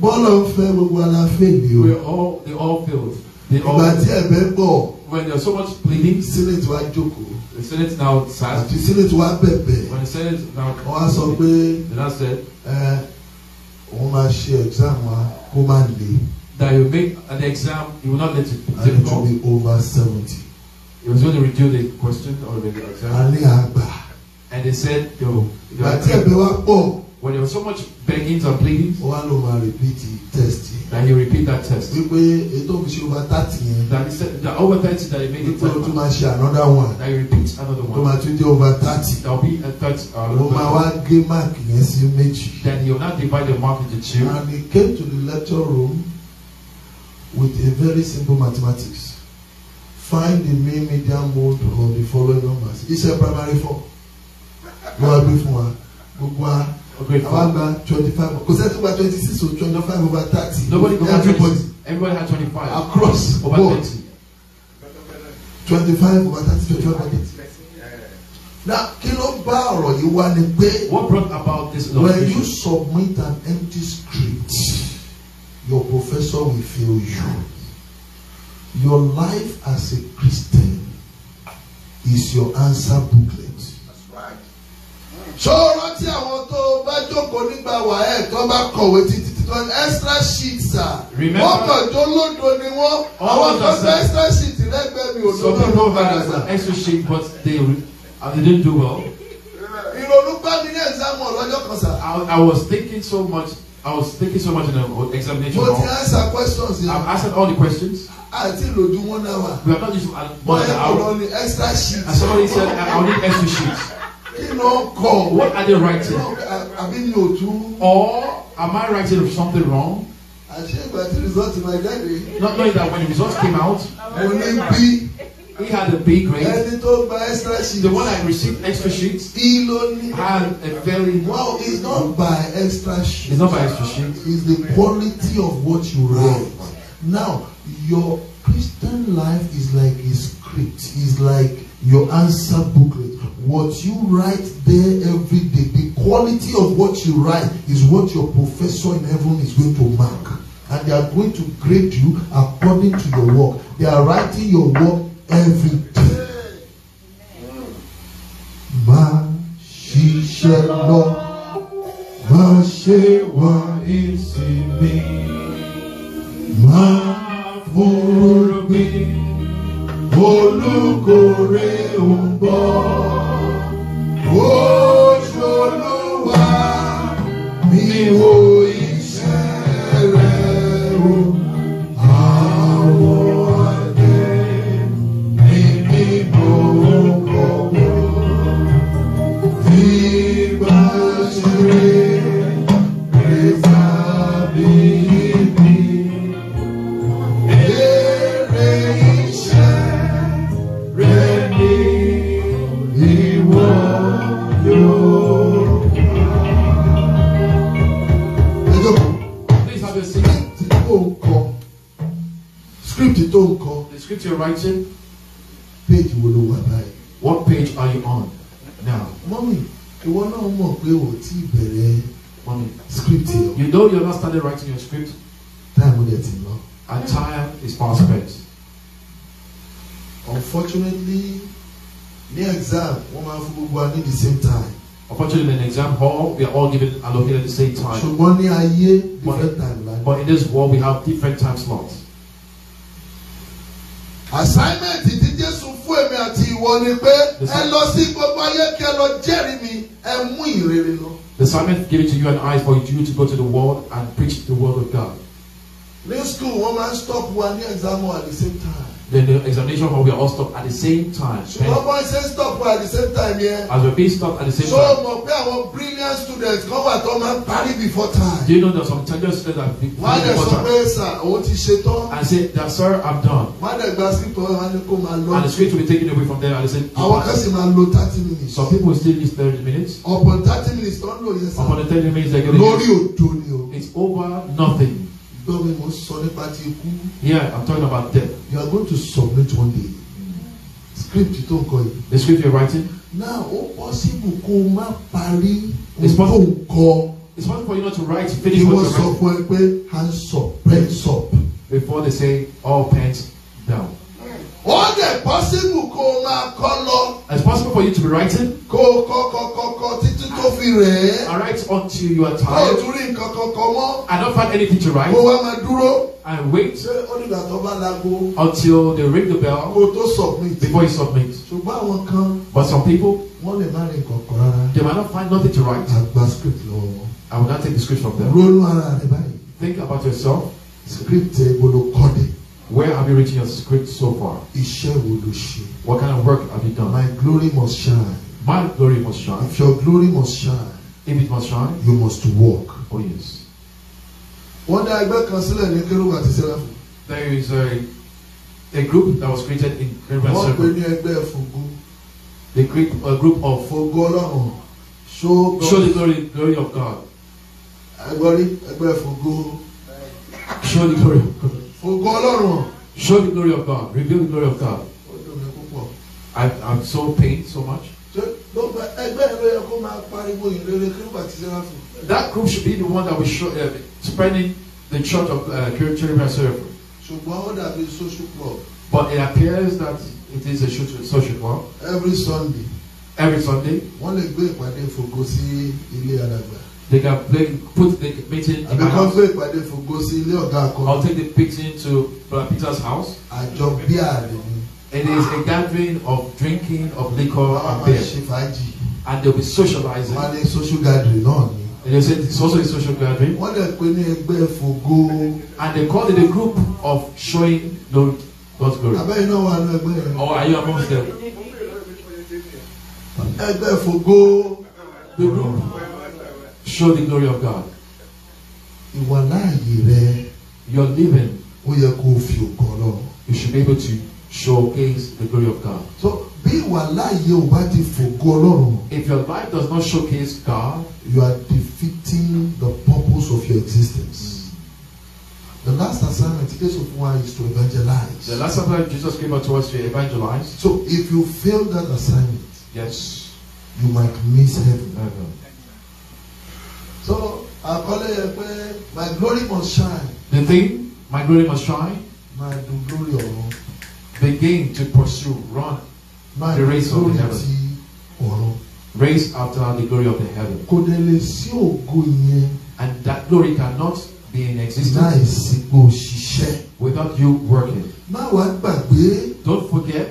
Bọ́lá ń fẹ́ gbogbo ara fèlè o. We all they all failed. They all. Ìgbà tí ẹ̀bẹ̀ pọ̀. When there's so much pleading. Senate wa jókòó. The Senate now sat. Àti Senate wa bẹ̀bẹ̀. When the Senate now. Wọ́n á sọ pé. The last said. Ẹ òun máa ṣe exam wa kó má le. That you make an exam you will not let it. And it will be over seventy. He was going to redo the question or the exam. a ní and they said yo. bàtí ẹ̀bẹ̀ wa pọ̀. when there was so much beggings and pleadings. ó wá ló máa repeat the test. that he repeat that test. wípé ètò òfìsí over thirty yẹn. that he said that over thirty that he made it. wípé o tún máa ṣe another one. that he repeat another one. tó máa tún dé over thirty. that will be a thirty. Uh, ó máa wá gé mark yẹn sí méjì. then he will now divide the mark into two. and he came to the lecture room with a very simple mathematics. Find the main media mode on the following numbers. a primary four. Ló wá gbé fún wa. Gbogbo wa. Àwa gba twenty five. Kò sẹ́ni tó gba twenty six o twenty five over thirty. Nobody go back twenty. Everybody had twenty five. Across over board. Twenty five over thirty twenty five over thirty. Na kí ló bá ọ̀rọ̀ yìí wá ni pé. What brought about this law? When you submit an empty script, your professor will fail you. Your life as a Christian is your answer booklet. That's right. Ṣé o rántí àwọn tó bá jókòó nígbà wàhálà tó bá kọ̀wé títí tó ní extra sheets Remember, Wọ́n kàn jó lódo ni wọ́n. Àwọn tó ṣe extra sheet lẹ́gbẹ̀ẹ́ mi ò lódo. Some people find out that extra sheet but they, and they didn't do well. Ìrònú bá mi ní ẹ̀sán mọ̀ lọ́jọ́ kan sà. I was thinking so much I was thinking so much in the examination hall. he ti answer questions. Yeah. I've answered all the questions. Ah, I Àti do one hour. We have not used more hour. Mo yẹ extra sheets. And somebody said I will need extra sheets. Kí ló kọ? What are they writing? Àbí mi ò tú. Or am I writing something wrong? Àṣé ìgbà tí result my daddy. Not knowing that when the results came out. Mo ní be. He had a big ring. The one I received extra He only had a very wow. It's not by extra sheets. It's not by extra sheets. It's the quality of what you write. Now your Christian life is like a script. It's like your answer booklet. What you write there every day, the quality of what you write is what your professor in heaven is going to mark. And they are going to grade you according to your work. They are writing your work every day. Man, she shall know. Man, she what is in me. Man, for Olùkórè ń bọ̀. Oṣù mi wòye. writing, page wo ló wà What page are you on now? Mọ́mí, ìwọ náà mọ̀ more. We will see Mommy, script yẹn. You know you are not started writing your script. Time will get lọ. And time is far spent. Unfortunately, ní exam wọ́n máa ń at the same time. Unfortunately, in an exam hall, we are all given allocated the same time. different time But in this world, we have different time slots. assignment tí Jésù fún èmi àti ìwọ ni pé ẹ lọ sí gbogbo ayé kí ẹ lọ jẹ́rìí mi ẹ mú ìrere lọ. The assignment given to you and I for you to go to the world and preach the word of God. Ní school wọ́n máa ń stop wa ní exam at the same time. the, the examination hall will all stop at the same time. No bọ́ ṣe stop at the same time yeah. as we be stop at the same so time. so mọ̀ pé brilliant students come at tó máa ń before time. do you know that some intelligent students are before time. wọ́n á dẹ̀ sọ pé sir òun ti ṣe tán. and that sir i'm done. Why á dẹ̀ gba script ọ̀hún wọn ni and the script will be taken away from them and they say. àwọn kan sì máa lo thirty minutes. some people still need thirty minutes. upon thirty minutes don lo yes sir. upon the thirty minutes they get it. lórí òdo ni o. it's over nothing. gbọ́ mi mo sọ nípa ti ikú. here i'm talking about death. you are going to submit one day. script tó ń kọ yìí. the script you are writing. now ó possible kó o má parí. it's possible kọ. it's possible for you not to write finish what you write. kí sọ fún ẹ pé hands up hands up. before they say all pens down ó dẹ̀ possible kó o it's possible for you to be writing. kó o kọ kọ kọ kọ títí fi rẹ̀. I write until you are tired. kó o tún rí kan kọ I don't find anything to write. kó o wá máa I wait. ṣé ó nígbà tó bá lago. until they ring the bell. kó tó submit. before you submit. ṣùgbọ́n àwọn kan. but some people. wọ́n lè má rí nǹkan rárá. they might not find nothing to write. àgbà script lọ́wọ́ I will not take the script from them. ronú ara rẹ báyìí. think about yourself. script ẹ gbọ́dọ̀ Where have you written your script so far? What kind of work have you done? My glory must shine. My glory must shine. If your glory must shine. If it must shine. You must walk. Oh yes. Wọ́n dá ẹgbẹ́ kan sílẹ̀ ní Kérúbù àti Sẹ́ráfù. There is a a group that was created in Kérúbù and Sẹ́ráfù. The a group of. Fògo Ọlọ́run. Show God. Show the glory glory of God. Ẹgbọ́rí ẹgbẹ́ Fògo. Show the glory of God. ògo ọlọ́run. show the glory of God reveal the glory of God. ó I am so pained so much. that group should be the one that we show uh, spreading the church of Kiribati uh, Seraphim. but it appears that it is a social club. every Sunday. every Sunday. one. lè gbé ìpàdé fògo sí ilé They can they put the meeting in my house. I'll take the picture to Peter's house. It is a gathering of drinking of liquor ah, and beer. And they'll be socializing. social gathering on. And they said it's also a social gathering. And they called it a group of showing God's glory. Oh, are you amongst them? go The group show the glory of God. You are living. You should be able to showcase the glory of God. So be ìwà láàyè ò bá ti If your life does not showcase God. You are defeating the purpose of your existence. The last assignment case of one is to evangelize. The last assignment Jesus gave to us to evangelize. So if you fail that assignment, yes, you might miss heaven. heaven. So I call it my glory must shine. The thing my glory must shine. My glory ọ̀run. Oh. Begin to pursue run. My the race of the heaven. Oh. Race after the glory of the heaven. sí And that glory cannot be in existence. Without you working. gbàgbé. Don't forget.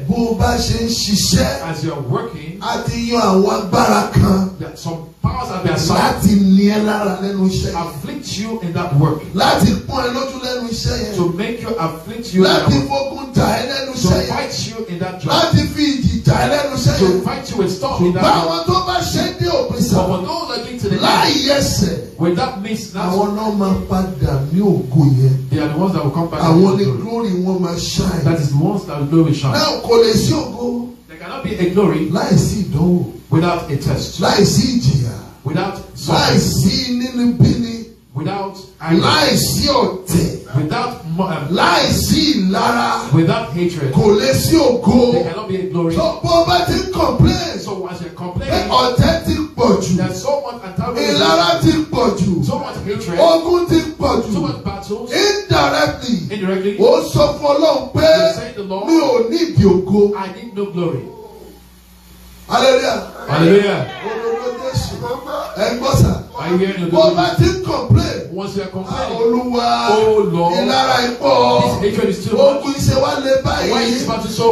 As you are working. A ti yan àwọn agbára That some powers at their side. láti ní ẹ lára lẹ́nu iṣẹ́. afflict you in that work. láti pọ́n ẹ lójú lẹ́nu iṣẹ́ yẹn. to make you afflict you. láti fógun jà ẹ lẹ́nu iṣẹ́ yẹn. to fight you in that job. láti fi ìjì jà ẹ lẹ́nu iṣẹ́ yẹn. to fight you with storm in that job. báwọn tó bá ṣe dé òpin sàn. for those that lead to the end. láì ẹsẹ̀. without means now. àwọn náà máa padà ní ògo yẹn. they are the ones that will come back. àwọn ni glory wọn máa shine. that is the ones that glory shine. náà kò lè sí ògo cannot be a glory. láìsí ìdánwò. without a test. láìsí ìjìyà. without suffering. láìsí nínúbíni. without anger. láìsí ọ̀tẹ̀. without um, láìsí ìlara. without hatred. kò lè sí ògo. They cannot be a glory. so bó bá ti ń complain. so as you complain. pé ọ̀tẹ̀ ti pọ̀ jù. there so much antagonism. ìlara ti pọ̀ jù. so much hatred. ogun ti pọ̀ jù. so much battles. indirectly. indirectly. ó sọ fún Ọlọ́run pé. you say the Lord. mi ò ní ìdí ògo. I need no glory hallelujah. hallelujah. olùkọ́ jésù ẹ ń gbọ́ sà. bó bá ti ń complain. wọ́n ti ẹ̀ complain. Ah, olúwa oh, ìlara ìpọ̀ ogun ìṣe wa lè báyìí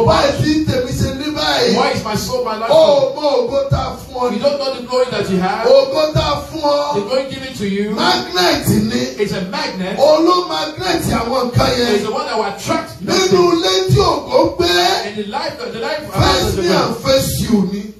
báyìí tí tèmi ṣe lè báyìí. Why is my soul my life? O mọ ògo fún ọ. You don't know the glory that you have. Ògo tá fún ọ. The glory given to you. Magnet ni. It's a magnet. Olú magnet àwọn nǹkan yẹn. It's the one that will attract. Nínú ilé tí ògo gbé. And the life the life. Face me and face you ni.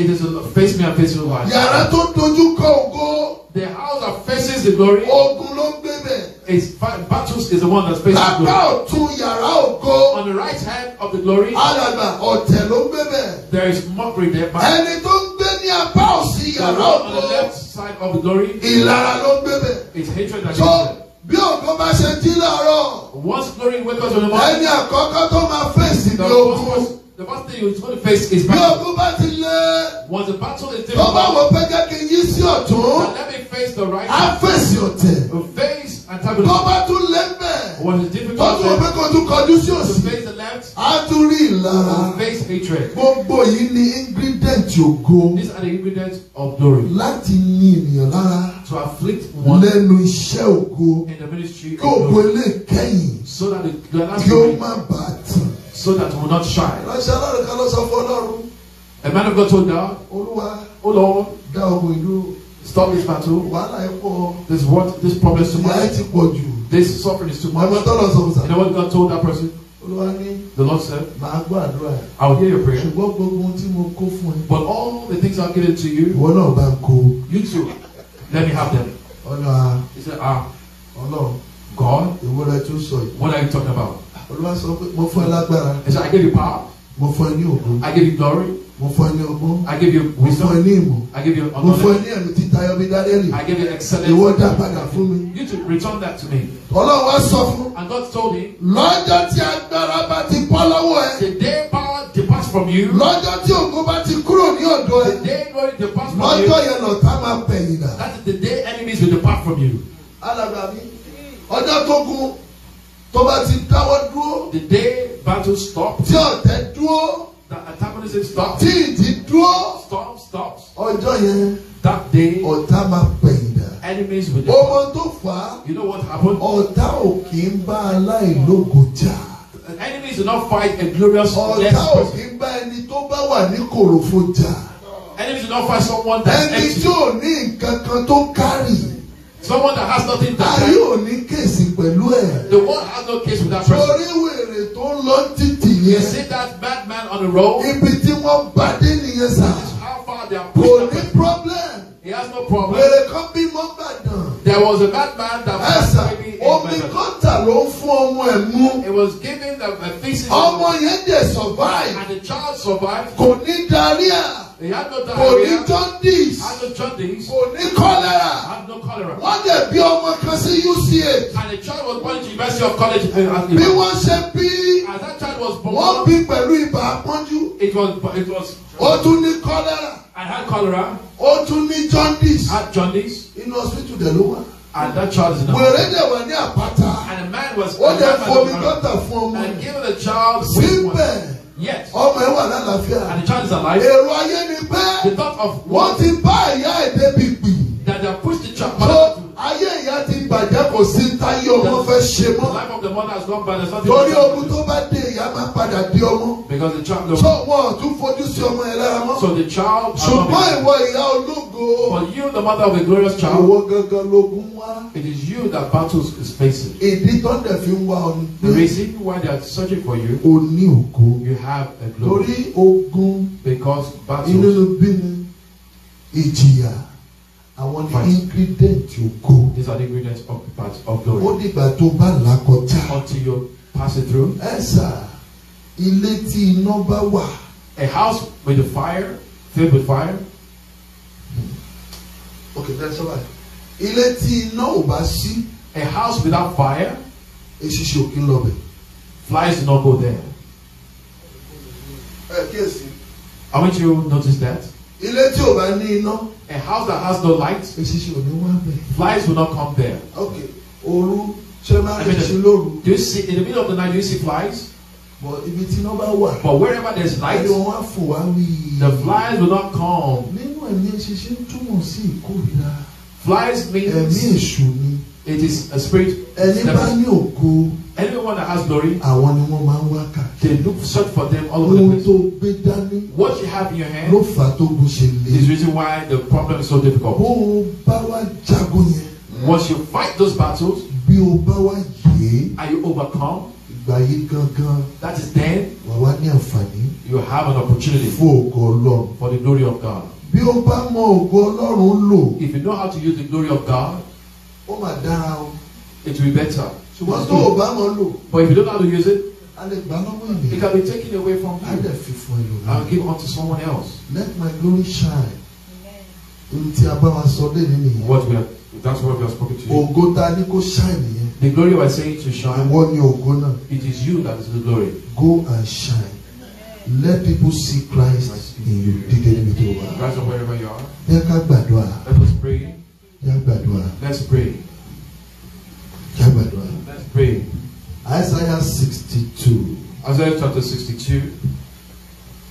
It is a uh, face me and face me wise. Yàrá tó dojú kọ ògo. The house that faces the glory. Ogun ló ń Is battles is the one that faces the glory. Lápá ọ̀tún yàrá ògo. On the right hand of the glory. Alàgbà ọ̀tẹ̀ ló ń There is mockery there. Ẹni tó ń gbé ní apá òsì yàrá ògo. On the left side of the glory. Ìlara ló ń It's hatred that is there. Bí ògo bá ṣe jí láàárọ̀. Once glory wakes up in the morning. Ẹni àkọ́kọ́ tó máa fèsì ní ogun. The first thing you're going to face is. battle. Was bá ti lé. Once the battle is difficult. Tó Let me face the right. A fèsì ọ̀tẹ̀. To face antagonism. Tó bá tún lé bẹ̀. What is difficult. To face the left. I to real. To face hatred. Gbogbo yìí ni ingredient go. These are the ingredients of glory. Latin ní your lára. To afflict one. Lẹ́nu iṣẹ́ ògo. In the ministry Go, glory. Kí ògo So that the last Kí ó má bàa so that we will not shine. a man of God told her. "Oh Lord, lọ. dá stop this battle. wàhálà ẹ pọ̀. this what this problem is too much. this suffering is too much. ẹ̀mọ́ tọ́lọ̀ what God told that person. the Lord said. I will hear your prayer. but all the things I've given to you. ìwọ náà bá ń you too let me have them. he said ah. Lord, God. ìwọ lẹ tún sọ what are you talking about? olúwa sọ pé mo fún ẹ lágbára. he said I give you power. mo fún ẹ ní ògùn. I give you glory. mo fún ẹ ní ọgbọ́n. I give you wisdom. mo fún ẹ ní ìmọ̀. I give you knowledge. mo fún ẹ ní ẹ̀mí títa yọmí dáríẹ̀lì. I give you excellence. ìwọ dá padà fún mi. you should return that to me. ọlọ́run wá sọ fún. and God told me, lọ́jọ́ tí agbára bá ti bọ́ lọ́wọ́ ẹ. the day power departs from you. lọ́jọ́ tí ògùn bá ti kúrò ní ọ̀dọ̀ ẹ. the day glory departs from you. lọ́jọ́ yẹn lọ̀tá máa pẹ̀yìn that is the day enemies will depart from you. alábàbí ọjọ́ tó gún tó bá ti dáwọ́ dúró. the day battle stop. tí ọ̀tẹ̀ dúró. the antagonism stop. tí ìdí dúró. stop stop. ọjọ́ yẹn. that day. ọ̀tá máa pẹ̀yìn dà. enemies will dey. ọmọ tó fà á. you know what happened. ọ̀tá ò kì í bá aláìlógo jà. enemies do not fight a glorious death. ọ̀tá ò kì í bá ẹni tó bá wà ní kòròfo jà. enemies do not fight someone that. ẹni tí ò ní nǹkan kan tó kárì someone that has nothing to hide. ayé ò ní kéèsì pẹ̀lú the one has no case with that person. torí wèrè tó ń lọ títì yẹn. you see that bad man on the road. ibi tí wọ́n bá dé nìyẹn sá. how far they are pushed. kò ní problem. He has no problem. There was a bad man that was giving Omi kọ́tà It was given the, the feces. Ọmọ yẹn dẹ̀ survive. And the child survived. Kò diarrhea. had no diarrhea. Kò ní jaundice. Had no jaundice. Kò ní cholera. Had no cholera. What the bí ọmọ kan sí UCH. And the child was born to University of College. Uh, bí wọ́n ṣe bí. As that child was born. Wọ́n bí pẹ̀lú ibà pọ́njú. It was it was ó tún ní cholera. I had cholera. ó tún ní jaundice. I had jaundice. inú hospital dẹ̀ ló wà. And that child is now. Wèrè dẹ̀ wà ní àpáta. And a man was. Ó dẹ̀ fomi dọ́tà fún ọmọ. And gave the child. Síbẹ̀. Yes. Ọmọ ẹ wà lálàáfíà. And the child is alive. Èrò ayé ni pé. The thought of. Wọ́n ti bá ìyá ẹ̀ débi gbì. That they have pushed the child. So ìbàjẹ́ kò sí táyé ọmọ fẹ́ ṣe mọ́. torí ogun tó bá dé ìyá máa padà dé ọmọ. so wọn ò tún fojú sí ọmọ yẹn lára mọ́. ṣùgbọ́n ìwọ ìyá ológo. but you the mother of a glorious child. ìwọ gangan lógun wá. it is you that battles is facing. ìdí tó ń dẹ̀ ń wá ọ ní. the reason why they are searching for you. o ní ògo. you have a glory. torí ogun. because battles. inú bímú ìjìyà àwọn ni ingredient ògo. these are the ingredients of the part of glory. ó dìgbà tó bá là kọjá. until you pass it through. ẹ sà ilé tí iná bá wà. a house with a fire filled with fire. okay that's all right. ilé tí iná ò bá sí. a house without fire. eṣinṣin ò kí ń lọ flies do not go there. ẹ I want you notice that. ilé tí ò bá ní iná. A house that has no light, flies will not come there. Okay. Òru ṣe máa ń Do you see in the middle of the night do you see flies? But if it's iná bá wà. But wherever there's light. The flies will not come. Flies means. It is a spirit. Anyone that has glory, They look search for them all over the place. What you have in your hand. Is the reason why the problem is so difficult. Once you fight those battles. Are you overcome? That is then. You have an opportunity. Fún ògo For the glory of God. If you know how to use the glory of God. It will be better but if you don't know how to use it. it can be taken away from you. I will fi fún ẹlòmíràn. give unto someone else. let my glory shine. Amen. what we are that's what we are speaking to you. ògo ta ni kó shine the glory I say, to shine. ìwọ ni ògo náà. it is you that is the glory. go and shine. Let people see Christ in you. Dídé wherever you are. Let us pray. gbàdúrà. Let's pray. Let's pray. Isaiah 62. Isaiah chapter 62.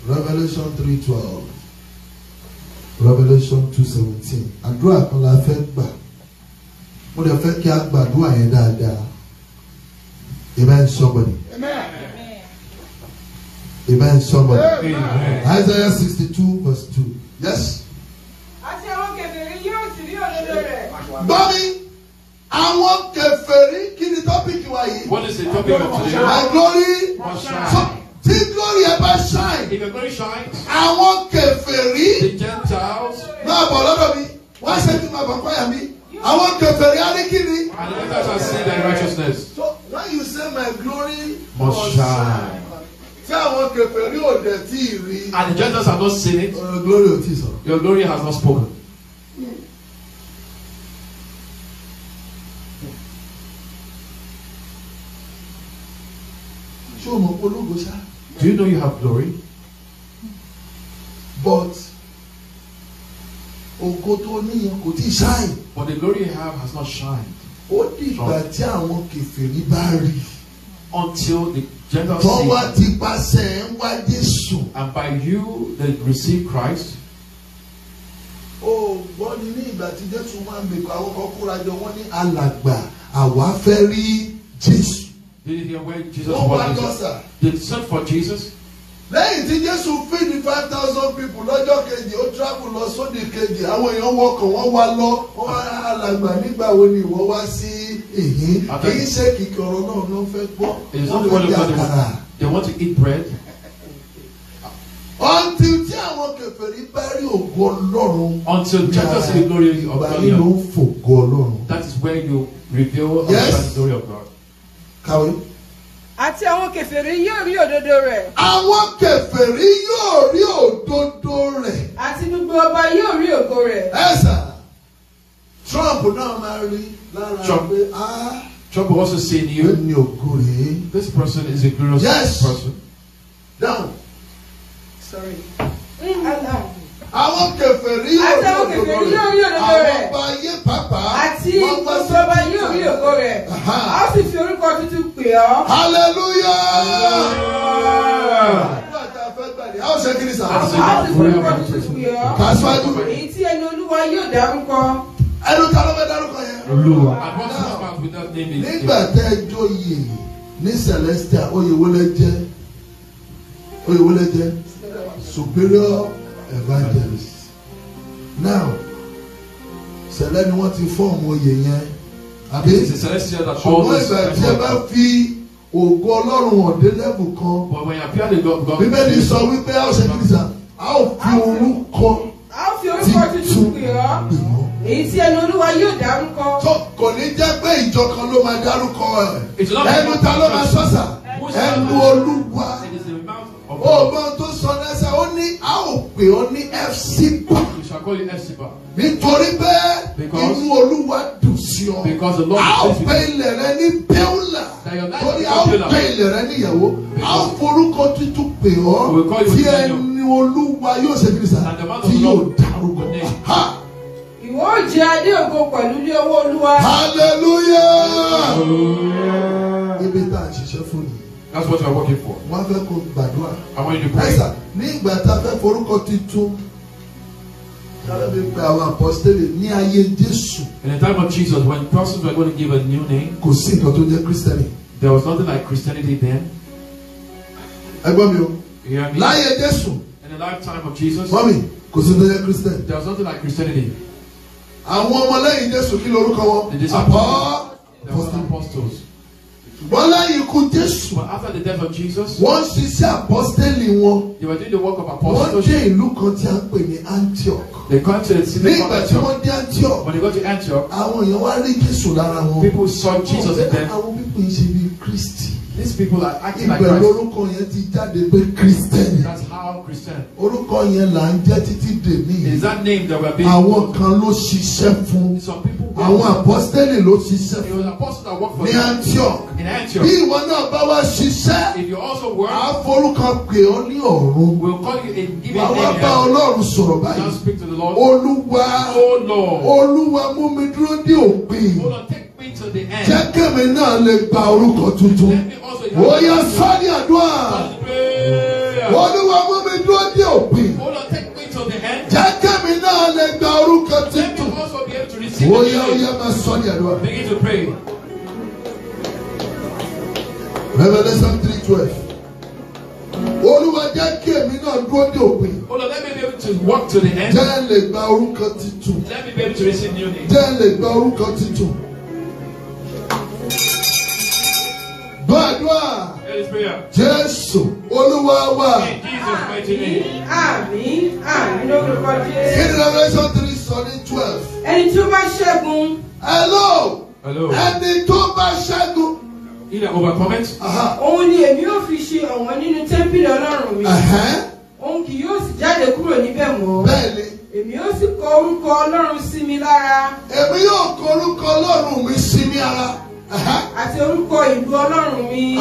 Revelation 3.12. Revelation 2.17. Àdúrà kan la fẹ́ gbà. Mo lè fẹ́ kí a gbàdúrà yẹn dáadáa. Amen somebody. Amen. Amen somebody. Amen. Isaiah 62 verse 2. Yes. Àti àwọn kèfèrí yóò sì rí òdodo rẹ̀. Gbọ́ Àwọn kèfèrí kí ni tọ́pìkì wa yìí? What is the topic of today? My glory must shine. So, tí glory ẹ bá shine. If your glory shines. Àwọn kèfèrí. The Gentiles. Máa bọ̀ lọ́dọ̀ mi, wá ṣẹ́jú máa bọ̀ kọ́yà mi. Àwọn kèfèrí aríkìrí. And the Gentiles are seeing thy righteousness. So when you say my glory must shine. Tí àwọn kèfèrí ò dẹ̀ tí ì rí. And the Gentiles have not seen it. Your glory Your glory has not spoken. Mm. ṣé o ológo ṣá. do you know you have glory. but ògo tó níyàn kò tí ì ṣáì. but the glory you have has not shined. ó dìgbà tí àwọn kèfèrí bá rí. until the gentle. sin. tọ́wọ́ ti pàṣẹ ń wá Jésù. and by you they receive Christ. o gbọ́ ni ní ìgbà tí Jésù máa ń bèkọ́ àwọn kan kóra jọ wọ́n ní alàgbà àwa fẹ́ rí Jésù. Did you hear where Jesus oh, was? Pastor. They searched for Jesus. lẹ́yìn tí jésù fídì five thousand people lọ́jọ́ kejì ó travel lọ sódì kejì àwọn èèyàn wọkàn wọ́n wá lọ wọ́n alàgbà nígbà wo ni ìwọ wá sí èyí kì í ṣe kìkì ọ̀rọ̀ náà ló fẹ́ gbọ́ wọ́n fẹ́ bí àkàrà. they want to eat bread. until tí àwọn kèfèrí bá rí ògo ọlọ́run. until Jesus see the glory of God. báyìí ló ń fògo ọlọ́run. that is where you reveal yes. the glory of God kàwé. àti àwọn kèfèrí yóò rí òdodo rẹ̀. àwọn kèfèrí yóò rí òdodo rẹ̀. àti gbogbo ọba yóò rí ògo rẹ̀. ẹ sà Trump náà máa rí lára pé ah. Trump also say to you, ní ògo rẹ̀. This person is a glorious yes. person. Down. Sorry. Mm àwọn kèfèrí yóò rí òdodo rẹ̀ àwọn ọba ayé pàápàá àti ìgbòsọba yóò rí ògo rẹ̀ a sì fi orúkọ tuntun pè ọ́. hallelujah. a ó ṣe kiri sàn. a sì fi orúkọ tuntun pè ọ́. kàṣíwájú. èyí tí ẹni olúwa yóò dárúkọ. ẹnu ta ló fẹ́ dárúkọ yẹn. olúwa nígbà tẹ́ ẹ jóye ní celestial oyè wọlé jẹ́ oyè wọlé jẹ́ superior evangelist now sẹlẹ ni wọn ti fọọmù oyè yẹn àbí ṣùgbọ́n ìgbà tí ẹ bá fi ògo ọlọ́run ọ̀dẹ́ lẹ́bù kan bíbélì sọ wípé a ó ṣe kìrìsà a ó fi orúkọ titun pè ọ́ èyí tí ẹnu olúwa yóò dárúkọ. tó kò ní jẹ́ pé ìjọ kan ló máa dárúkọ ẹ̀ ẹnu ta ló máa sọ́sà ẹnu olúwa ọmọ tó sọ lẹ́sẹ̀ ó ní a ò pè ọ́ ní Ẹ́físíbà. you shall call it Ẹ́físíbà. nítorí pé inú Olúwa dùn sí ọ. because the Lord is with you. a ò pè ilẹ̀ rẹ ní Bẹ́úlà. torí a ò pè ilẹ̀ rẹ níyàwó. a ò forúkọ tuntun pè ọ́. tí ẹni Olúwa yóò ṣe kí ni sá. tí yóò dárúkọ. Ìwọ ó jẹ adé ògo pẹ̀lú ilé owó Olúwa. Hallelujah! Ibi tá a ṣe that's what we are working for. wọ́n fẹ́ kó gbàdúrà. I want you to pray. ẹ̀sà ní ìgbà tá a fẹ́ forúkọ titun kára mi pe àwọn apostole ní ayé Jésù. in the time of Jesus when persons were going to give a new name. kò sí nǹkan tó there was nothing like Christianity then. ẹgbọ́n mi o. you hear me. láyé Jésù. in the lifetime of Jesus. mọ́mi kò sí nǹkan there was nothing like Christianity. àwọn ọmọlẹ́yìn Jésù kí lorúkọ wọn. the disciples. apọ́. there were apostles ṣùgbọ́n lẹ́yìn ikú Jésù. but after the death of Jesus. wọ́n ṣiṣẹ́ apọ́sítẹ́lì wọn. they were doing the work of apostles. wọ́n dé ìlú kan tí a ń pè ní Antioch. The country, to the city of Antioch. ní ìgbà tí wọ́n dé Antioch. when they go to Antioch. àwọn èèyàn wá rí Jésù lára wọn. people saw Jesus in them. àwọn pípọ̀ yìí ṣe bí Kristi these people are acting like Christ. ibẹ̀ lórúkọ yẹn ti jáde pé Christian. that's how Christian. orúkọ yẹn là ń jẹ́ títí dèmí. is that name that we're being. àwọn kan ló ṣiṣẹ́ fún. some people were. àwọn apọ́sítẹ́lì ló ṣiṣẹ́ fún. it was apostles that worked for them. ní Antioch. in Antioch. bí ìwọ náà bá wá ṣiṣẹ́. if you also work. a forúkọ pè ọ́ ní ọ̀run. we will call you a given name. wàá bá Ọlọ́run sọ̀rọ̀ báyìí. just speak to the Lord. Olúwa. oh Lord. Olúwa mú mi dúró dé òpin. hold on take to the end. Jẹ́ kẹ́mi náà lè gba orúkọ tuntun. Ó yẹ sọ́ni àdúrà. Olúwa mú mi dúró dé òpin. Jẹ́ kẹ́mi náà lè gba orúkọ tuntun. Ó yẹ ó yẹ máa sọ́ni àdúrà. Revelation three twelve. Olúwa jẹ́ kí èmi náà dúró dé òpin. Olúwa let me be able to walk to the end. Jẹ́ lè gba orúkọ titun. Let me be able to receive new name. Jẹ́ lè gba orúkọ titun. gbàdúrà jésù olúwa wa. àmín àmín lórúkọ jésù. kí ni revolution three sọ ní twelve. ẹni tó bá ṣẹ́gun. hello. hello. ẹni tó bá ṣẹ́gun. He that overcometh. Òun ni èmi yóò fi ṣe ọ̀wọ́n nínú tẹ́ḿpìlì Ọlọ́run mi. Òun kì yóò sì jáde kúrò níbẹ̀ mọ́. Bẹ́ẹ̀ni. Èmi yóò sì kọ orúkọ Ọlọ́run sí mi lára. Èmi yóò kọ orúkọ Ọlọ́run mi sí mi ara àti orúkọ ìlú ọlọ́run mi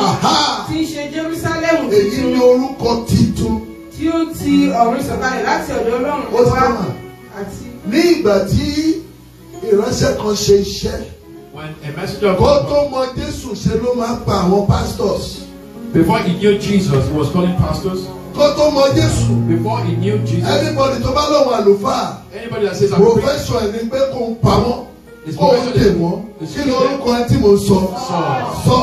tí í ṣe Jerusalem tuntun. èyí ni orúkọ titun. tí ó ti ọ̀run sọ̀kalẹ̀ láti ọ̀dọ̀ ọlọ́run wá àti. ní ìgbà tí ìránṣẹ́ kan ṣe iṣẹ́ kó tó mọ Jésù ṣe ló máa pa àwọn pastors. Before he knew Jesus, he was calling pastors. Kó tó mọ Jésù. Before he knew Jesus. Anybody tó bá lọ́wọ́ àlùfáà. Anybody that says I'm a priest. Profession ẹni pé kò ń pa ó dè wọ́n kí ni orúkọ ẹ tí mo sọ sọ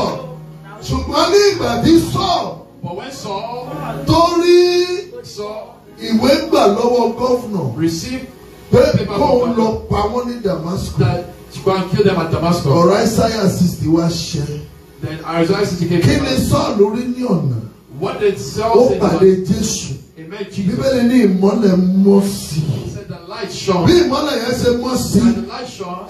ṣùgbọ́n ní ìgbà tí sọ torí ìwé gbà lọ́wọ́ gọ́fúnà pé kóun lọ pa wọ́n ní Damascus Damascus. ọ̀rọ̀ Isaiah sixty wá ṣẹ kí ni Sọ́ọ̀lù rí ní ọ̀nà ó pàdé Jésù bíbélì ní ìmọ́lẹ̀ mọ́ sí i bí ìmọ́lẹ̀ yẹn ṣe mọ́ sí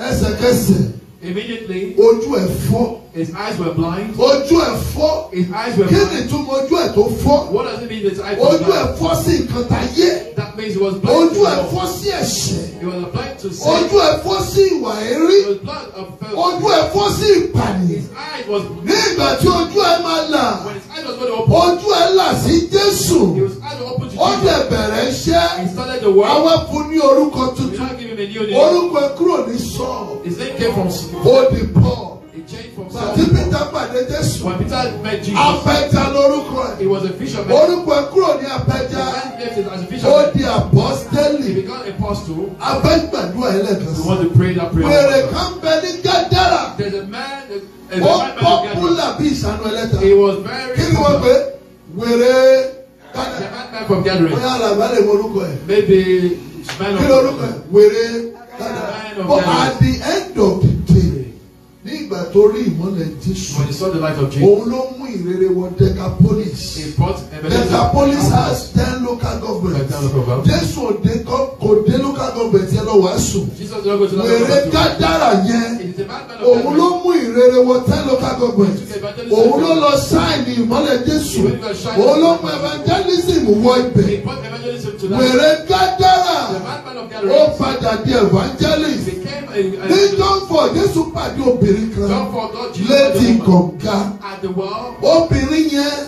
ẹsẹ̀kẹsẹ̀. Immediately, ojú ẹ̀ His eyes were blind. Ojú ẹ̀ His eyes were blind. Kí ni ìtumọ̀ ojú ẹ̀ tó fọ́? What does it mean that his eyes were blind? Ojú ẹ̀ sí nǹkan táyé. That means he was blind. Ojú ẹ̀ sí ẹ̀ṣẹ̀. He was blind to sin. Ojú ẹ̀ sí ìwà èrí. He was blind of faith. Ojú ẹ̀ sí ìpànìyàn. His eyes was Ní ìgbà tí ojú ẹ̀ máa là. When his eyes was going to open. Ojú ẹ̀ là sí Jésù. He was ó dẹ̀ bẹ̀rẹ̀ iṣẹ́ àwọn fún ní orúkọ tuntun orúkọ kúrò ní Sọ́ọ̀ ó di Paul. Tí Peter pàdé Jésù, apẹja lórúkọ ẹ̀. Orúkọ ẹ̀ kúrò ní apẹja, ó di apọ́sítẹ́lì. Afẹ́gbàdúrà ẹ̀ lẹ́ẹ̀kan sí. Wèrè kan bẹ ní Gádàrà. Ó pọ́pùlà bí ìsànú ẹlẹ́ta. Kí ni wọ́n pè é? Wèrè gathering. bóyá àlàbà lè mọ orúkọ ẹ. maybe man of. kí ló orúkọ ẹ wèrè but at the end of the day ní ìgbà tó rí ìmọ́lẹ̀ jésù òun ló mú ìrere wọ decapolis decapolis has ten local governments jésù òde kò dé local government yẹn lọ wàásù wèrè kádàrà yẹn òun ló mú ìrere wọ tẹ́ local government òun ló lọ ṣáìnì ìmọ́lẹ̀ Jésù òun ló mú evangelism wọ ibẹ̀ wèrè gádàrà ó padà di evangelist ní John four Jésù pàdé obìnrin kan létí kọ̀ọ̀ká obìnrin yẹn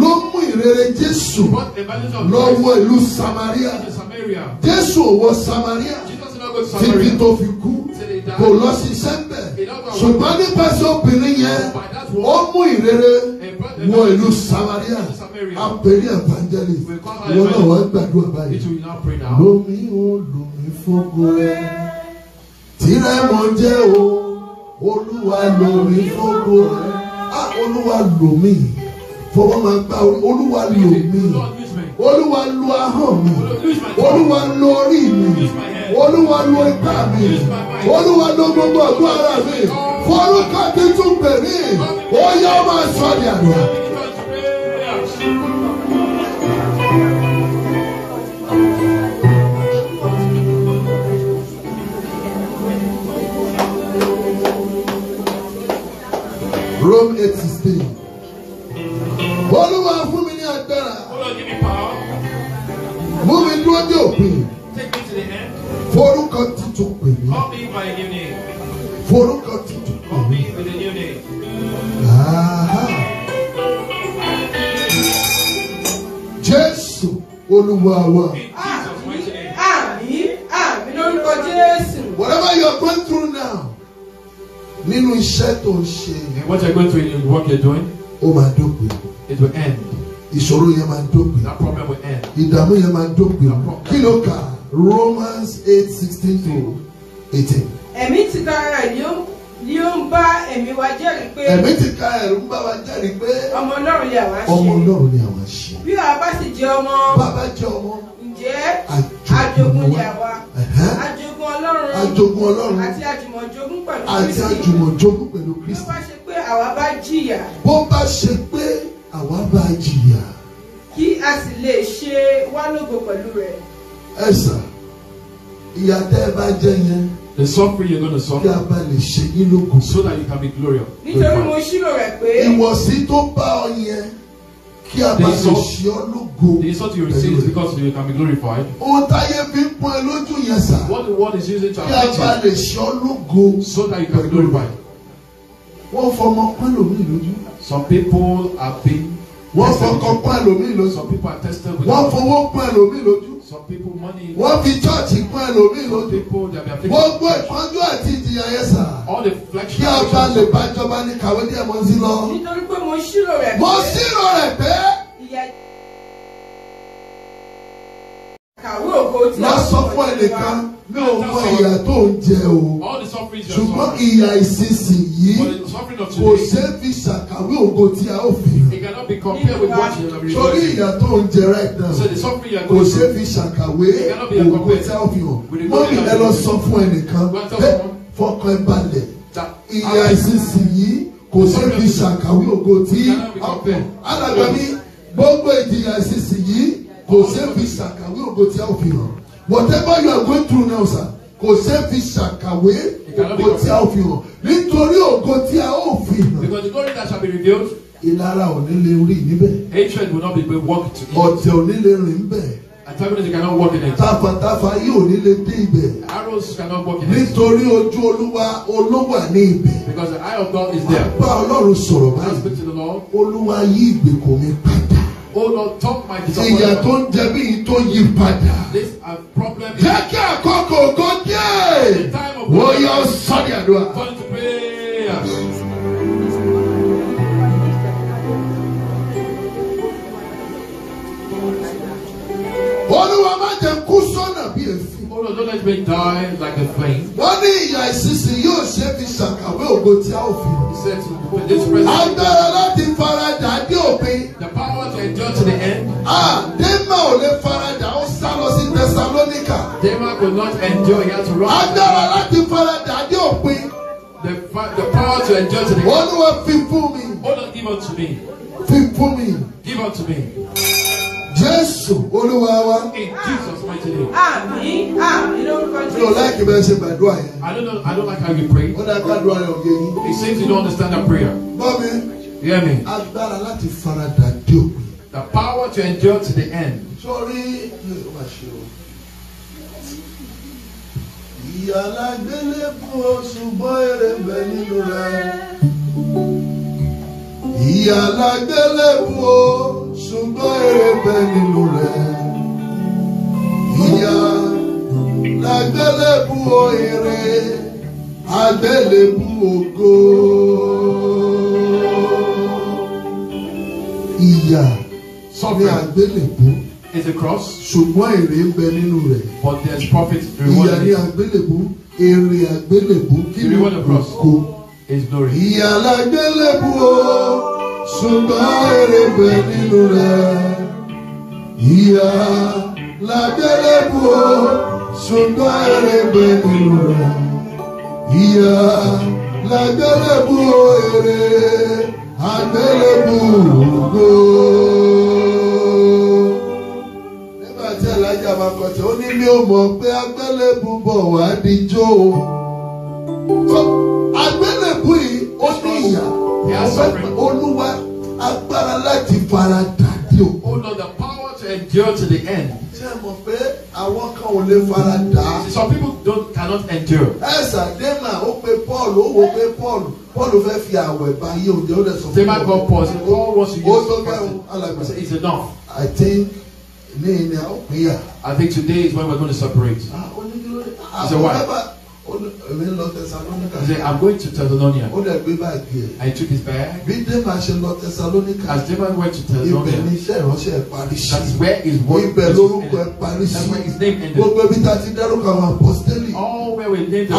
ló mú ìrere Jésù lọ wọ ìlú Samaria Jésù wọ Samaria títí tó fi kú kò lọ sí sẹ́ńbẹ̀ ṣùgbọ́n nípasẹ̀ obìnrin yẹn ó mú ìrere wọ ìlú Samaria apẹ̀lẹ̀ evangelist wọn náà wọ́n gbàdúrà báyìí lómi ó lómi fọ́gbó rẹ̀ tìrẹ̀ mọ̀ jẹ́ o olúwa lómi fọ́gbó rẹ̀ ah, olúwa lómi fọwọ́ máa gbá olúwa lómi olúwa lu ahọ́n mi olúwa lu orí mi olúwa lu ipá mi olúwa lu gbogbo ọ̀gbọ́n ara mi forúkọ ti tún bèrè ọmọ aṣọ àná. Rome 8 16. dúró dé òpin. Forúkọ tuntun pè mí. Forúkọ tuntun pè mí. Jésù Olúwa wa. Àmín àmín lórúkọ Jésù. Whatever you are going through now nínú iṣẹ́ tó ń ṣe. what you are going through in your work you are doing. Ó máa dópin. It will end ìṣòro yẹn máa dópin ìdààmú yẹn máa dópin kí ló kà Romans eight sixteen to eighteen. ẹ̀mí ti tara ẹ̀ ni ó ni ó ń bá ẹ̀mí wa jẹ́rìí pé. ẹ̀mí ti ka ẹ̀rù ń bá wa jẹ́rìí pé. ọmọ Ọlọ́run ni àwa ṣe. ọmọ Ọlọ́run ni àwa ṣe. bí a bá sì jẹ́ ọmọ. bá a bá jẹ́ ọmọ. ǹjẹ́ àjogún ni àwa. àjogún Ọlọ́run. àjogún Ọlọ́run. àti àjùmọ̀jogún pẹ̀lú Kristi. àti àjùmọ̀jogún pẹ̀lú Kristi. bó bá ṣe pé àwa bá jìyà. bó bá ṣe pé àwa bá a jìyà. kí a sì lè ṣe wá lógo pẹ̀lú rẹ̀. ẹ sà ìyà tẹ́ ẹ bá jẹ yẹn. The suffering you're gonna suffer. Kí a bá lè ṣe yín lógo. So that you can be glorious. Nítorí mo ṣírò rẹ̀ pé. Ìwọ̀sí tó bá ọ yẹn kí a bá lè ṣe ọ lógo. The insult you receive is because you can be glorified. Ohun táyé fi ń pọn ẹ lójú yẹn sà. What the world is using to affect you. Kí a bá lè ṣe ọ lógo. So that you can be glorified. Wọ́n fọmọ pẹ́lú mi lójú some people have been. wọ́n fọkàn pọ́n ẹlòmíì lójú. some people are tested with. wọ́n fowó pọ́n ẹlòmíì lójú. some people money. wọ́n fi chọ́ọ̀chì pọ́n ẹlòmíì lójú. some people they have been. wọ́n gbọ́ ìpọ́njú àti ìjìyà yẹn sà. all the flexion. kí ọba lè bá jọba ní kàwé díẹ̀ mọ́ sí lọ. nítorí pé mo ṣírò rẹ̀ pé. mo ṣírò rẹ̀ pé. ìyá kàwé òkò tí. wọ́n sọ fún ẹnìkan mi ò mọ ìyà tó ń jẹ ṣùgbọ́n ìyà ìsinsìnyí kò ṣe é fi ṣàkàwé ògo tí a ó fi hàn torí ìyà tó ń jẹ right now kò ṣe é fi ṣàkàwé ògo tí a ó fi hàn mọ́mí ẹ lọ sọ fún ẹnìkan fọkàn ẹ balẹ̀ ìyà ìsinsìnyí kò ṣe é fi ṣàkàwé ògo tí a ó fi hàn alàgbà ní gbogbo ìjìyà ìsinsìnyí kò ṣe é fi ṣàkàwé ògo tí a ó fi hàn whatever you are going through now sir kò ṣe fi ṣàkàwé ògo tí a ó fi hàn nítorí ògo tí a ó fi hàn. because the glory that shall be revealed. ìlara ò lè rí níbẹ̀. hatred will not be worked to me. ọ̀tẹ̀ ò lè rìn bẹ́ẹ̀. antagonism cannot work in it. tafàtafà yìí ò lè dé ibẹ̀. arrows cannot work in it. nítorí ojú olúwa olúwa ní ibẹ̀. because the eye of God is there. bá ọlọ́run sọ̀rọ̀ báyìí. olúwa yí ìgbèkùn mi padà hold on top my trouble. ìyà tó ń jẹ mí yìí tó yí padà. this a uh, problem. jẹ́ kí àkókò ògo dé. wọ́n yọ sọ́ọ̀dì àdúrà. olúwa má jẹ́ kú sọ́nà bí èso. Lord, don't let me die like a flame. Wọ́n ní ìyà ìsinsin yóò ṣe fi ṣàkàwé ògo tí a ò fi. He said to this president. Agbára láti faradà dé òpin. The power to endure to the end. Ah, Dema ò lè faradà ó sá lọ sí Thessalonica. Dema could not endure he had to run. Agbára láti faradà dé òpin. The, the power to endure to the end. Olúwa fi fún me. Hold on, oh, give unto me. Fi fún mi. Give unto me. Jésù Olúwa wa. Àmín àmín lórúkọ Jésù. Mi ò láìkí bẹ́ẹ̀ ṣe gbàdúrà yẹn. I don't know I don't like how you pray. Ó dáa gbàdúrà rẹ̀ òye yín. He seems you don't understand that prayer. Gbọ́ Hear me. Agbára láti faradà dé òpin. The power to endure to the end. Sori yóò wá kú oṣù bọ́ èrè bẹ̀ nínú rẹ̀ ìyà lágbélébù o ṣùgbọ́n èrè bẹ nínú rẹ̀ ìyà lágbélébù o èrè àgbélébù ògo. ìyà sọ́mi àgbélébù. is a cross. ṣùgbọ́n èrè ń bẹ nínú rẹ̀. but there is profit. ìyà ni àgbélébù èrè àgbélébù kí ni ògo. Ìdòrí alágbélébú o, ṣùgbọ́n èrè bẹ nínú rẹ̀. Ìyá lágbélébú o, ṣùgbọ́n èrè bẹ nínú rẹ̀. Ìyá lágbélébú o, oh, èrè àgbélébú ògo. Nígbà tí Alájà máa kọ̀tẹ́, ó ní mi ò mọ̀ pé agbélébú bọ̀ wá di jó Agbélébú. suffering. Olúwa agbára láti fara dàdí o. Oh o Lord, the power to endure to the end. Some people don't cannot endure. Ẹ̀sà Dèmà ó pe Paul ó Paul Paul fẹ́ fi àwẹ̀ bá yé òde ó lè sọ fún mi. Paul wants to use the person. Ó tó bẹ́ẹ̀ It's enough. I think ní ìní I think today is when we're going to separate. Ah, ah, he said why? he said I'm going to Thessalonica. I took his bag. as Dema went to Thessalonica. that's where his work ended. that's where his name ended. all where we named them.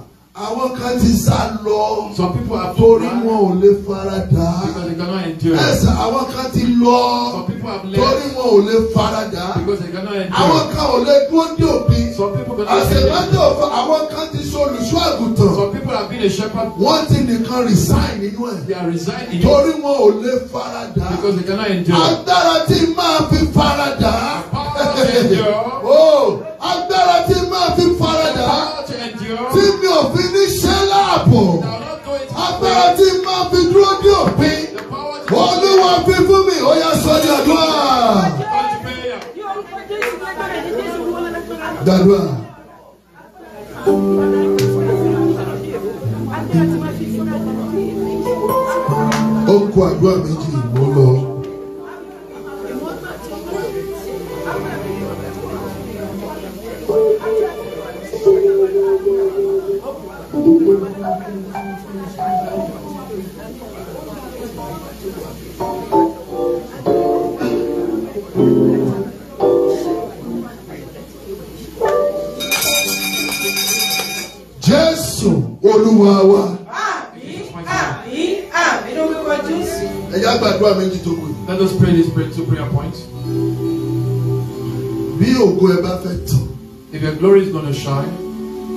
àwọn kan ti sá lọ. some people have been torí wọn ò lè faradà. because they cannot endure. yes àwọn kan ti lọ. some people have left. torí wọn ò lè faradà. because they cannot endure. àwọn kan ò lè dúró dé òbí. some people cannot endure. àṣemájọ òfò àwọn kan ti ṣolùṣọ́ àgùntàn. some people have been a shepherd. wọ́n ti nìkan resign nínú ẹ̀. they are resigning. torí wọn ò lè faradà. because they cannot endure. agbára tí máa fi faradà. the power of endure. oh agbára tí tí mi ò fi ní ṣẹ́ láàbò agbára tí máa fi dúró ní òpin olúwa fi fún mi ó yá sọ ní àdúrà. Dàdúrà. Ó kó àdúrà méjì. Jésù olúwa wa. Ẹ yá gbàdúrà méjì tó kù. Let us pray this prayer to prayer points. Bí ògo ẹ bá fẹ́ tàn. If your glory is gonna shine.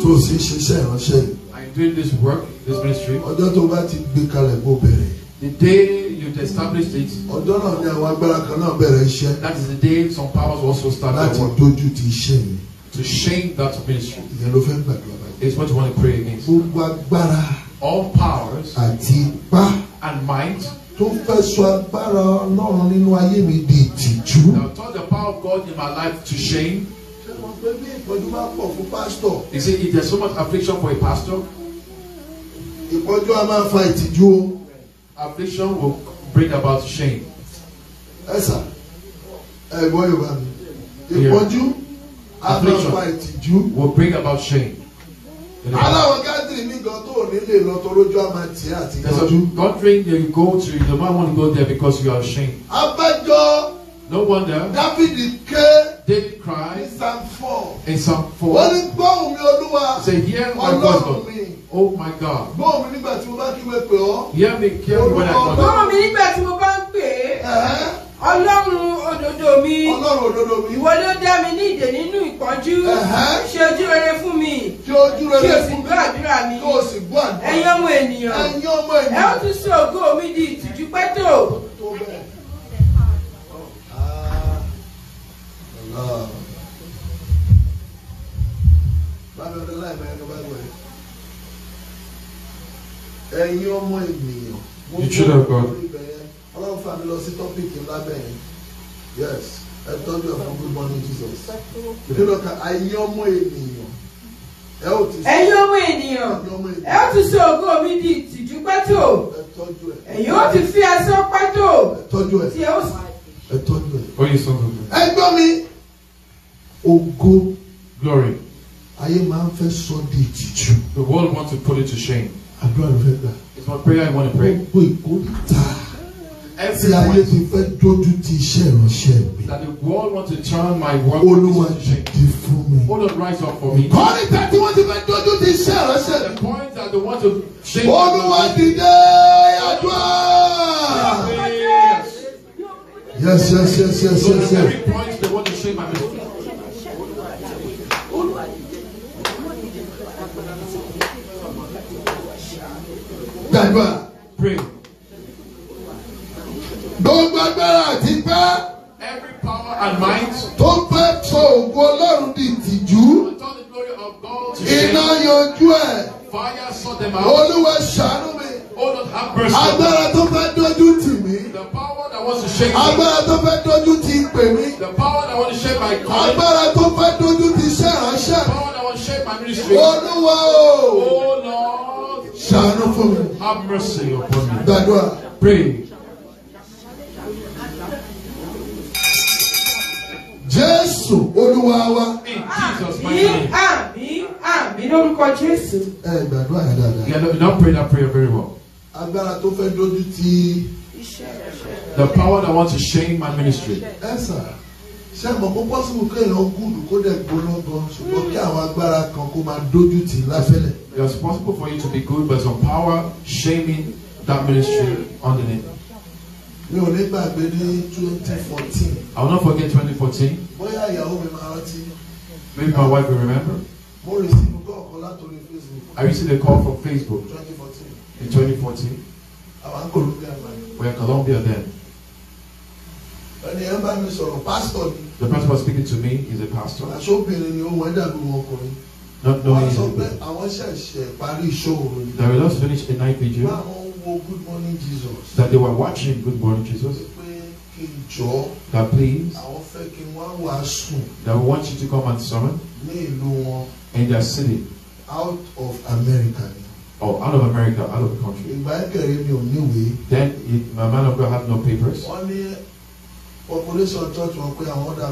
Tó o sì ṣiṣẹ́ ìránṣẹ́ yìí doing this work, this ministry. Ọjọ́ tó bá ti gbé kalẹ̀ kó bẹ̀rẹ̀. The day you established it. Ọjọ́ náà ni àwọn agbára kan náà bẹ̀rẹ̀ iṣẹ́. That is the day some powers also start their work. Láti dojú ti iṣẹ́ mi. To shame that ministry. Ìyẹn ló fẹ́ gbàdúrà báyìí. Is what you want to pray against. Gbogbo agbára. All powers. Àti ipá. And might Tó fẹ́ sọ agbára Ọlọ́run nínú ayé mi di ìtìjú. Now turn the power of God in my life to shame. Ṣé mo pé bí ìpọ́njú bá pọ̀ fún pásítọ̀? He said if there is so much affliction for a pastor ìpọ́njú a máa fa ìtìjú o. affliction will bring about shame. ẹ sà ẹ gbọ́ yorùbá mi ìpọ́njú a máa fa ìtìjú. will bring about shame. aláwọ̀ gádìrì mi gan tó ní lè lọ tọrọjú a máa tì í àti tọ́jú. gathering you go to you don't want to go there because you are ashamed. abájọ. No wonder. David ké. David cried. In Psalm four. In some. four. Wọ́n ní gbọ́ omi Olúwa. Say here, my voice Lord. Oh my God. Gbọ́ mi nígbà tí mo bá kíwé pè ọ́. Hear me carefully when I call. Gbọ́ mi nígbà tí mo bá ń pè é. Ọlọ́run òdodo mi. Ọlọ́run òdodo mi. Ìwọ ló dá mi ní ìdè nínú ìpọ́njú. Ṣe ojú rere fún mi. Ṣe ojú rere fún mi. Kí o sì gbọ́ àdúrà mi. Kí o sì gbọ́ àdúrà mi. Ẹ̀yin ọmọ ènìyàn. Ẹ̀yin ọmọ ènìyàn. Ẹ ó tún sọ ògo mi di ìtìjú pẹ́tò. Ah. Báyọ̀ ọdún láì bá ẹni bá wẹ̀ ẹ̀yin ọmọ ènìyàn mo gbọ́ ọlọ́run fà mí lọ sí tọ́pìkì ńlá bẹ́ẹ̀ yes ẹ tọ́jú ẹ̀ fún good morning Jesus ìdílọ́ka ẹ̀yin ọmọ ènìyàn ẹ̀yin ọmọ ènìyàn ẹ ó ti sọ ògo mi di ìtìjú pẹ́tò ẹ̀yin ó ti fi aṣọ pẹ́tò tí ẹ ó sì. ẹ tọ́jú ẹ ọyẹ sọ́dọ̀ mi. ẹ gbọ́ mi ògo glory ayé máa ń fẹ́ sọ di ìtìjú. the world wants to put it to shame àdúrà ló fẹ́ gbà. it's my prayer I wan pray. gbogbo ìkórìtà tí ayé ti fẹ́ dójú ti iṣẹ́ ìránṣẹ́ mi. that the world want to turn my work into Olúwa dìde fún mi. hold on rise up for me. ìkórìtà tí wọ́n ti fẹ́ dójú ti iṣẹ́ ìránṣẹ́ the point that they want to Olúwa dìde àdúrà. yes yes yes yes yes yes. yes. gbàdúrà. gbogbo agbára àti pẹ́. every power and might. tó fẹ́ sọ ògo ọlọ́run di ìtìjú. iná yanjú ẹ̀. fire sort them out. olúwa ṣàánú mi. Oh, agbára tó fẹ́ dojú tì mí. the power that wants to shake me. agbára tó fẹ́ dojú tì pè mí. the power that wants to shake my calling. agbára tó fẹ́ dojú tì ṣẹ́ ránṣẹ́. the power that wants to shake my ministry. olúwa o. oh lord ṣàánú fún mi. have mercy upon me. gbàdúrà. pray. jésù olúwa wa. àmín Ah, àmín lórúkọ jésù. ẹ gbàdúrà yẹn dáadáa. yeah no don't pray that prayer very well. agbára tó fẹ́ dojú ti. the power that wants to shame my ministry. ẹ sà. ṣé àmọ́ kó pọ́sibú kó dẹ̀ ṣùgbọ́n kí àwọn agbára kan kó máa dójú tì í possible for you to be good but some power shaming that ministry underneath. mi ò ní gbàgbé ní twenty fourteen. I will not forget twenty fourteen. bóyá ìyàwó mi máa rántí. Maybe my wife will remember. mo látòrí Facebook. I received a call from Facebook. twenty fourteen. in twenty fourteen. àwọn we are Colombia then ẹni pastor the person was speaking to me is a pastor. aṣọ́bìnrin ni not knowing anything. wọ́n they will just finished a night vigil. báwọn wo good morning Jesus. that they were watching good morning Jesus. that please. that we want you to come and summon. in their city. out of America Oh, out of America, out of the country. Then it, my man of God had no papers. Wọ́n population church wọn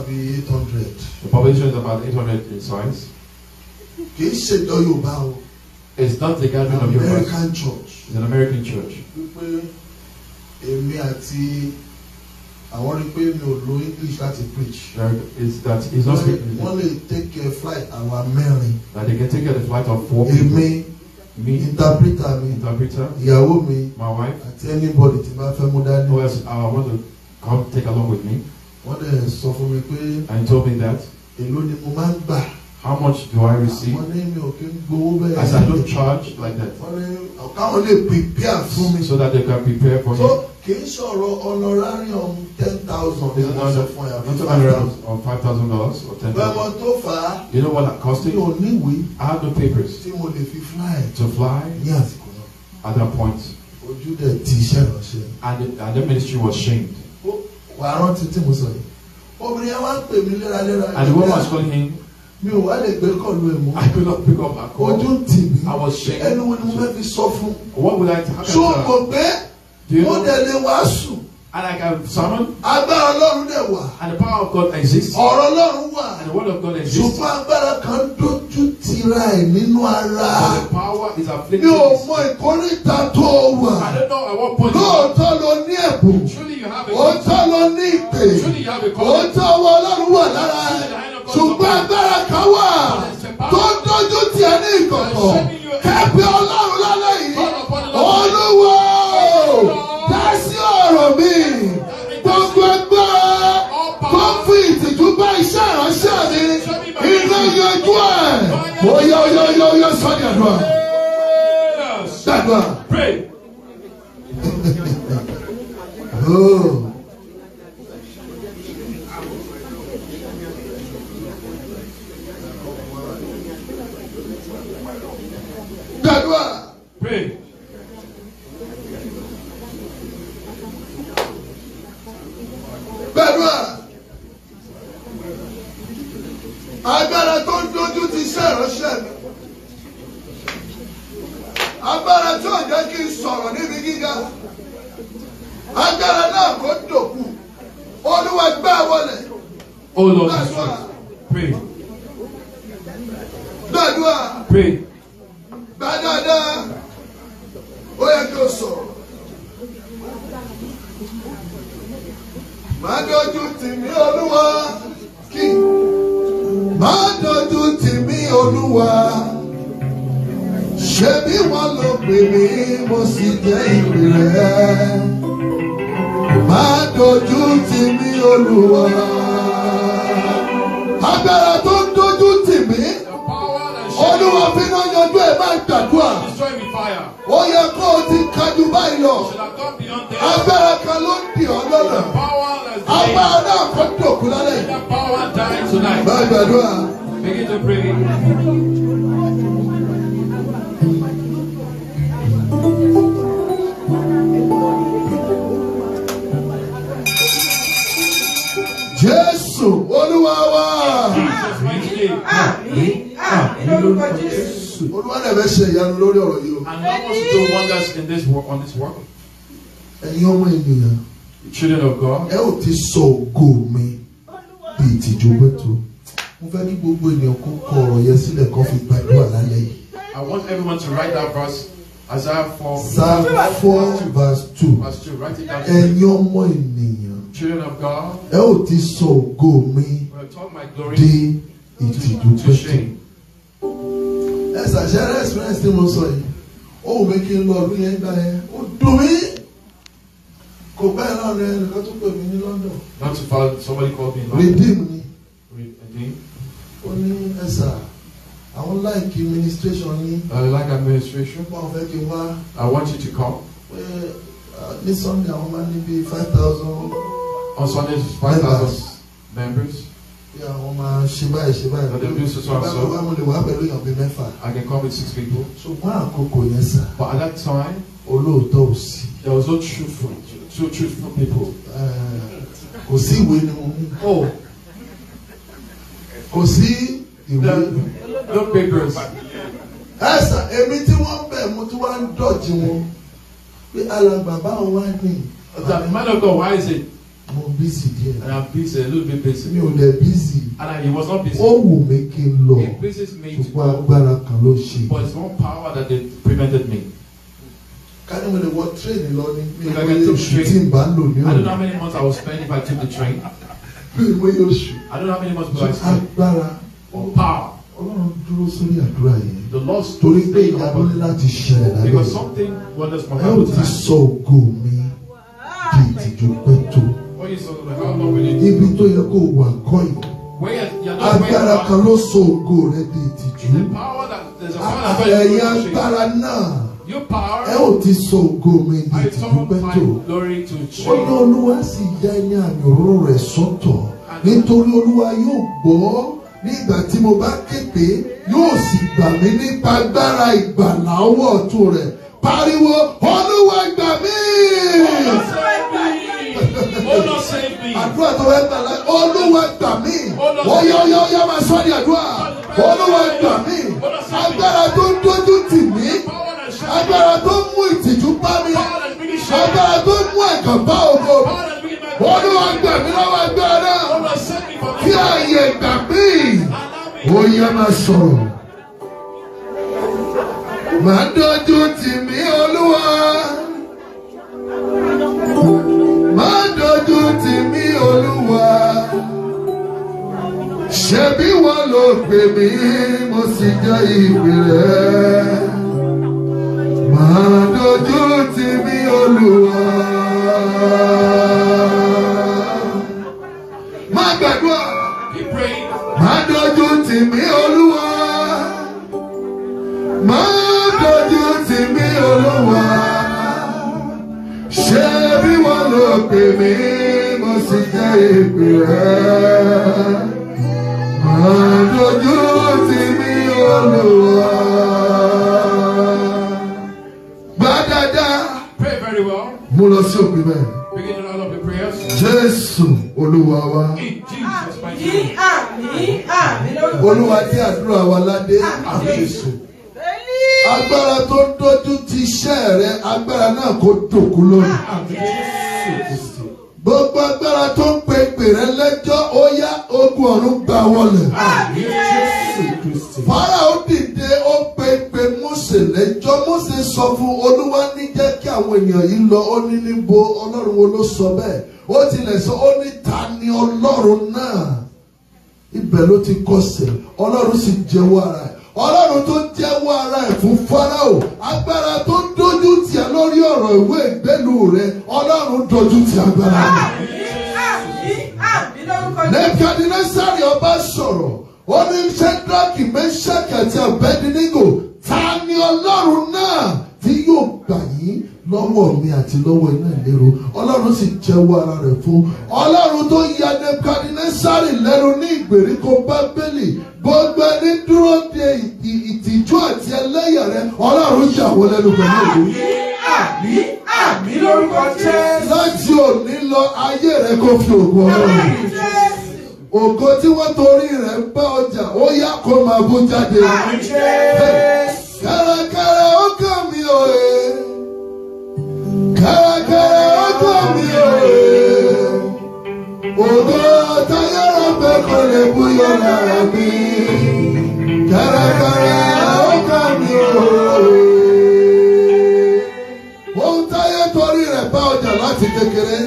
eight hundred. the population is about eight hundred in size. Can you say do you bow? it's not the gathering of your American church. it's an American church. wípé èmi àti àwọn rí pé mi ò lo English láti preach. is that is not speaking. wọ́n take a flight àwa mẹ́rin. that they can take a flight of four people. èmi me, interpreter mi ìyàwó mi me. anybody wife. bá fẹ́ mú dání. who else I want to Come take along with me. And told me that. How much do I receive? As I don't charge like that. So that they can prepare for so, me. So kì í sọ̀rọ̀ honorarium ten thousand. Is it not a not a honorarium five thousand dollars or ten thousand? Bẹ́ẹ̀ You know what that cost it? I have no papers. Tí fly. To fly? Yes. At that point. And the and the ministry was shamed. wà á rántí tí mo sọ yìí obìnrin yẹn wá pè mí léraléra. and the woman was calling him. mi ò wá lè gbé kọlu ẹ̀ mọ́. I could not pick up her call. ojú ń tì mí. I was shaking. ẹnu wo ni mo fẹ́ fi sọ fún. what would I do? her. kò gbé. mo dẹ̀ lè wàásù. And I can summon. Agbára Ọlọ́run dẹ̀ wà. And the power of God exists. Ọ̀rọ̀ Ọlọ́run wà. And the word of God exists. Ṣùgbọ́n agbára kan dojú tira ẹ̀ nínú ara. But the power is afflicted. Mi ò mọ ìkórìtà tó wà. I don't know at what point. Lóòótọ́ ló ní ẹ̀bùn. Truly you have a call. Òótọ́ ló ní ìpè. Truly you have a call. Òótọ́ ọwọ́ Ọlọ́run wà lára ẹ̀. Ṣùgbọ́n agbára kan wà. Tó dojú tì ẹ́ ní ìkọ̀kọ̀. Kẹ́pẹ́ Ọlọ́run yanjú ẹ̀ Pray. oyè oyè oyè sọ́dí àdúrà dàgbà. agbára tó ń dojú ti iṣẹ́ ìránṣẹ́ mi agbára tí ò jẹ́ kí n sọ̀rọ̀ níbi gíga agbára náà kò dòkú olúwa gbá wọlé oh, gbàdúrà gbàdúrà gbàdúrà ó yẹ kí o sọ̀rọ̀. Má dojú tì mí olúwa kí má dojú tì mí olúwa ṣé bí wọ́n ló pè mí mo sì jẹ́ ìpè rẹ̀ má dojú tì mí olúwa agbára tó ń dojú tì olúwa fi náà yanjú ẹ̀ máa ń gbàdúrà ó yẹ kó o ti kájú báyìí lọ agbára kan ló ń dì ọ́ lọ́nà agbára náà kọ́ dòkú lálẹ́ yìí are dying tonight. Begin to pray. Jesus, Oluwawa. Ah, ah, eh, eh, ah, eh, wa. Olúwa náà bẹ ṣe ìyanu lórí ọ̀rọ̀ yìí o. And God wants to wonders in this on this work. ọmọ ènìyàn. The children of God. Ẹ ò ti sọ ògo mi ìtìjú mẹ́tò mo fẹ́ kí gbogbo ènìyàn kó kọ ọ̀rọ̀ yẹn sílẹ̀ kó fi gbàdúrà lálẹ́ yìí. I want everyone to write that verse. As I Psalm 4, verse 2. Verse 2. Write it down. Ẹ̀yin ọmọ ènìyàn. Children of God. Ẹ ò ti sọ ògo mi di ìtìjú pẹ̀tù. Ẹ ṣàṣẹ́rẹ́ experience tí mo sọ yìí. Ó wù mí kí n lọ ọdún yẹn gbà yẹn. Ó dùn mí kò bẹ́ẹ̀ náà rẹ ẹnìkan tó pè mí ní London. not to far somebody called me in London. redeem ni. redeem. ó ní ẹ̀sà àwọn like administration ní. I uh, like administration. wọn fẹ́ kí n wá. I want you to come. pé uh, ní Sunday àwọn máa ní bíi five thousand. on Sunday five thousand members. bí àwọn máa ṣe báyìí ṣe báyìí. ọ̀dẹ̀ bí sísọ àṣọ. báwo báwo lè wá pẹ̀lú èèyàn bíi mẹ́fà. I can come with six people. ṣùgbọ́n àkókò yẹn sà. but at that time. olóòótọ́ ò sí. there was no true fruit to truthful people. kò sí ìwé ni mo mú kọ́ oh. kò sí ìwé. no papers. ẹ sà èmi tí wọ́n bẹ̀ mo ti wá ń dọ̀jì wọn pé alàgbà báwọn wá ní. ọ̀tà man of God why is it. mo busy díẹ̀. I am busy a little bit busy. mi ò dẹ̀ busy. and I, he was not busy. ó wù mí kí n lọ. he pleases me to go. ṣùgbọ́n agbára kan ló ṣe. but it's one power that they prevented me kánú mo wọ tírèènì lọ ní mi ò wọ oṣù tí n bá lò ní I don't know how many months I will spend if I take the train. mi ò wọ I don't know how many months I spend. agbára or oh, power. Ọlọ́run dúró sórí àdúrà yìí. The Lord stood torí pé ìyanu ní láti ṣẹlẹ̀ lábẹ́. Because something wonders from heaven Ẹ ò ti sọ ògo mi di ìtìjú pẹ́ tó. Ibi tó yẹ kó wà kọ́ yìí. Agbára kan ló sọ ògo rẹ̀ di ìtìjú. Àyẹ̀yẹ agbára náà ẹ ò ti sọ ògo mi ní ìdúpẹ́ tó ó ní olúwa sì ya ẹni àmì òróró rẹ̀ sọ́tọ̀ nítorí olúwa yóò gbọ́ nígbà tí mo bá képe yóò sì gbà mí nípa agbára ìgbàlà ọwọ́ ọ̀tún rẹ̀ pariwo olúwa gbà mí. àdúrà tó fẹ́ gbà láì olúwa gbà mí wọ́yọ́yọ́yọ́ máa sọ́ ní àdúrà olúwa gbà mí agbára tó ń dójú tì mí agbára tó mú ìtìjú bá mi agbára tó mú ẹ̀gàn bá ògo olúwa gbà mí lọ́wọ́ agbára náà kí ààyè gbà mí ó yẹ máa sọ̀rọ̀ màá dojú tì mí olúwa máa dojú tì mí olúwa ṣebí wọn ló pè mí mo sì jẹ́ ìwé máa dojú tì mí olúwa. Má gbàdúrà. Má dojú tì mí olúwa. Má dojú tì mí olúwa. Ṣé bí wọ́n ló pè mí olúwa. lọ sí òpin bẹ́ẹ̀. Begin to round up your Jésù Olúwa wa. Ní àmì àmì lórúkọ. Olúwa tí àdúrà wa ládé. Àmì Agbára tó dójú ti iṣẹ́ rẹ̀ agbára náà kò dòkú lónìí. Àmì Jésù. Gbogbo agbára tó ń pe ìpè rẹ lẹ́jọ́ ó yá ogun ọ̀run gbà wọlé. Àmì dì dìde ó pe pe Mósè lẹ́jọ́ Mósè sọ fún Olúwa ní jẹ́ kí àwọn èèyàn yìí lọ ó ní níbo Ọlọ́run wo ló sọ bẹ́ẹ̀ ó tilẹ̀ sọ ó ní ta ni Ọlọ́run náà ibẹ̀ ló ti kọsẹ̀ Ọlọ́run sì jẹ́wọ́ ara ẹ̀ Ọlọ́run tó jẹ́wọ́ ara ẹ̀ fún Fáráò agbára tó dojú tì ẹ́ lórí ọ̀rọ̀ ìwé ìgbélú rẹ̀ Ọlọ́run dojú tì agbára rẹ̀. Nebukadinasari ọba sọ̀rọ̀ ó ní sẹ́dáàkì mẹ́sàkì àti àbẹ́dínígò ta ni ọlọ́run náà tí yóò gbà yín lọ́wọ́ mi àti lọ́wọ́ iná ìlérò ọlọ́run sì jẹ́wọ́ ara rẹ̀ fún ọlọ́run tó ya nebukadnésárì lẹ́nu ní ìgbèríko bábélì gbogbo ẹni dúró de ìtìjú àti ẹlẹ́yà rẹ ọlọ́run ṣàwọ́ lẹ́nu pẹ̀lú òun. àmì àmì lórúkọ jẹ́. láti òní lọ ayé rẹ kó fi òògùn ọlọ́run ògo tí wọ́n torí rẹ̀ ń bá ọjà ó yá kó máa bú jáde. kárakára ó kàn mí òye kárakára ó kàn mí òye ògo táyọ̀rọ̀ pé kò lè búyọ lára mi kárakára ó kàn mí òye. ohun táyé torí rẹ̀ bá ọjà láti kékeré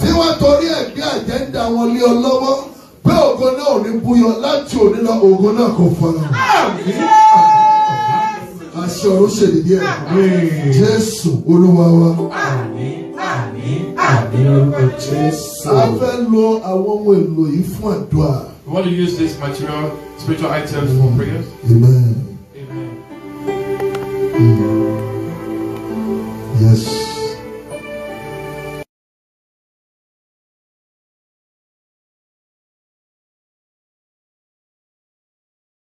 tí wọ́n torí ẹ̀ gbé àjẹ́ńdà wọn lé ọ lọ́wọ́ pé ògo náà ò ní búyọ láti òní lọ ògo náà kò fọlọ. àṣẹ ọ̀run ṣe nìyí ẹ̀ jésù olúwa a fẹ́ lo àwọn ohun èlò yìí fún àdúrà. We want to use this material, spiritual items for prayers. Amen.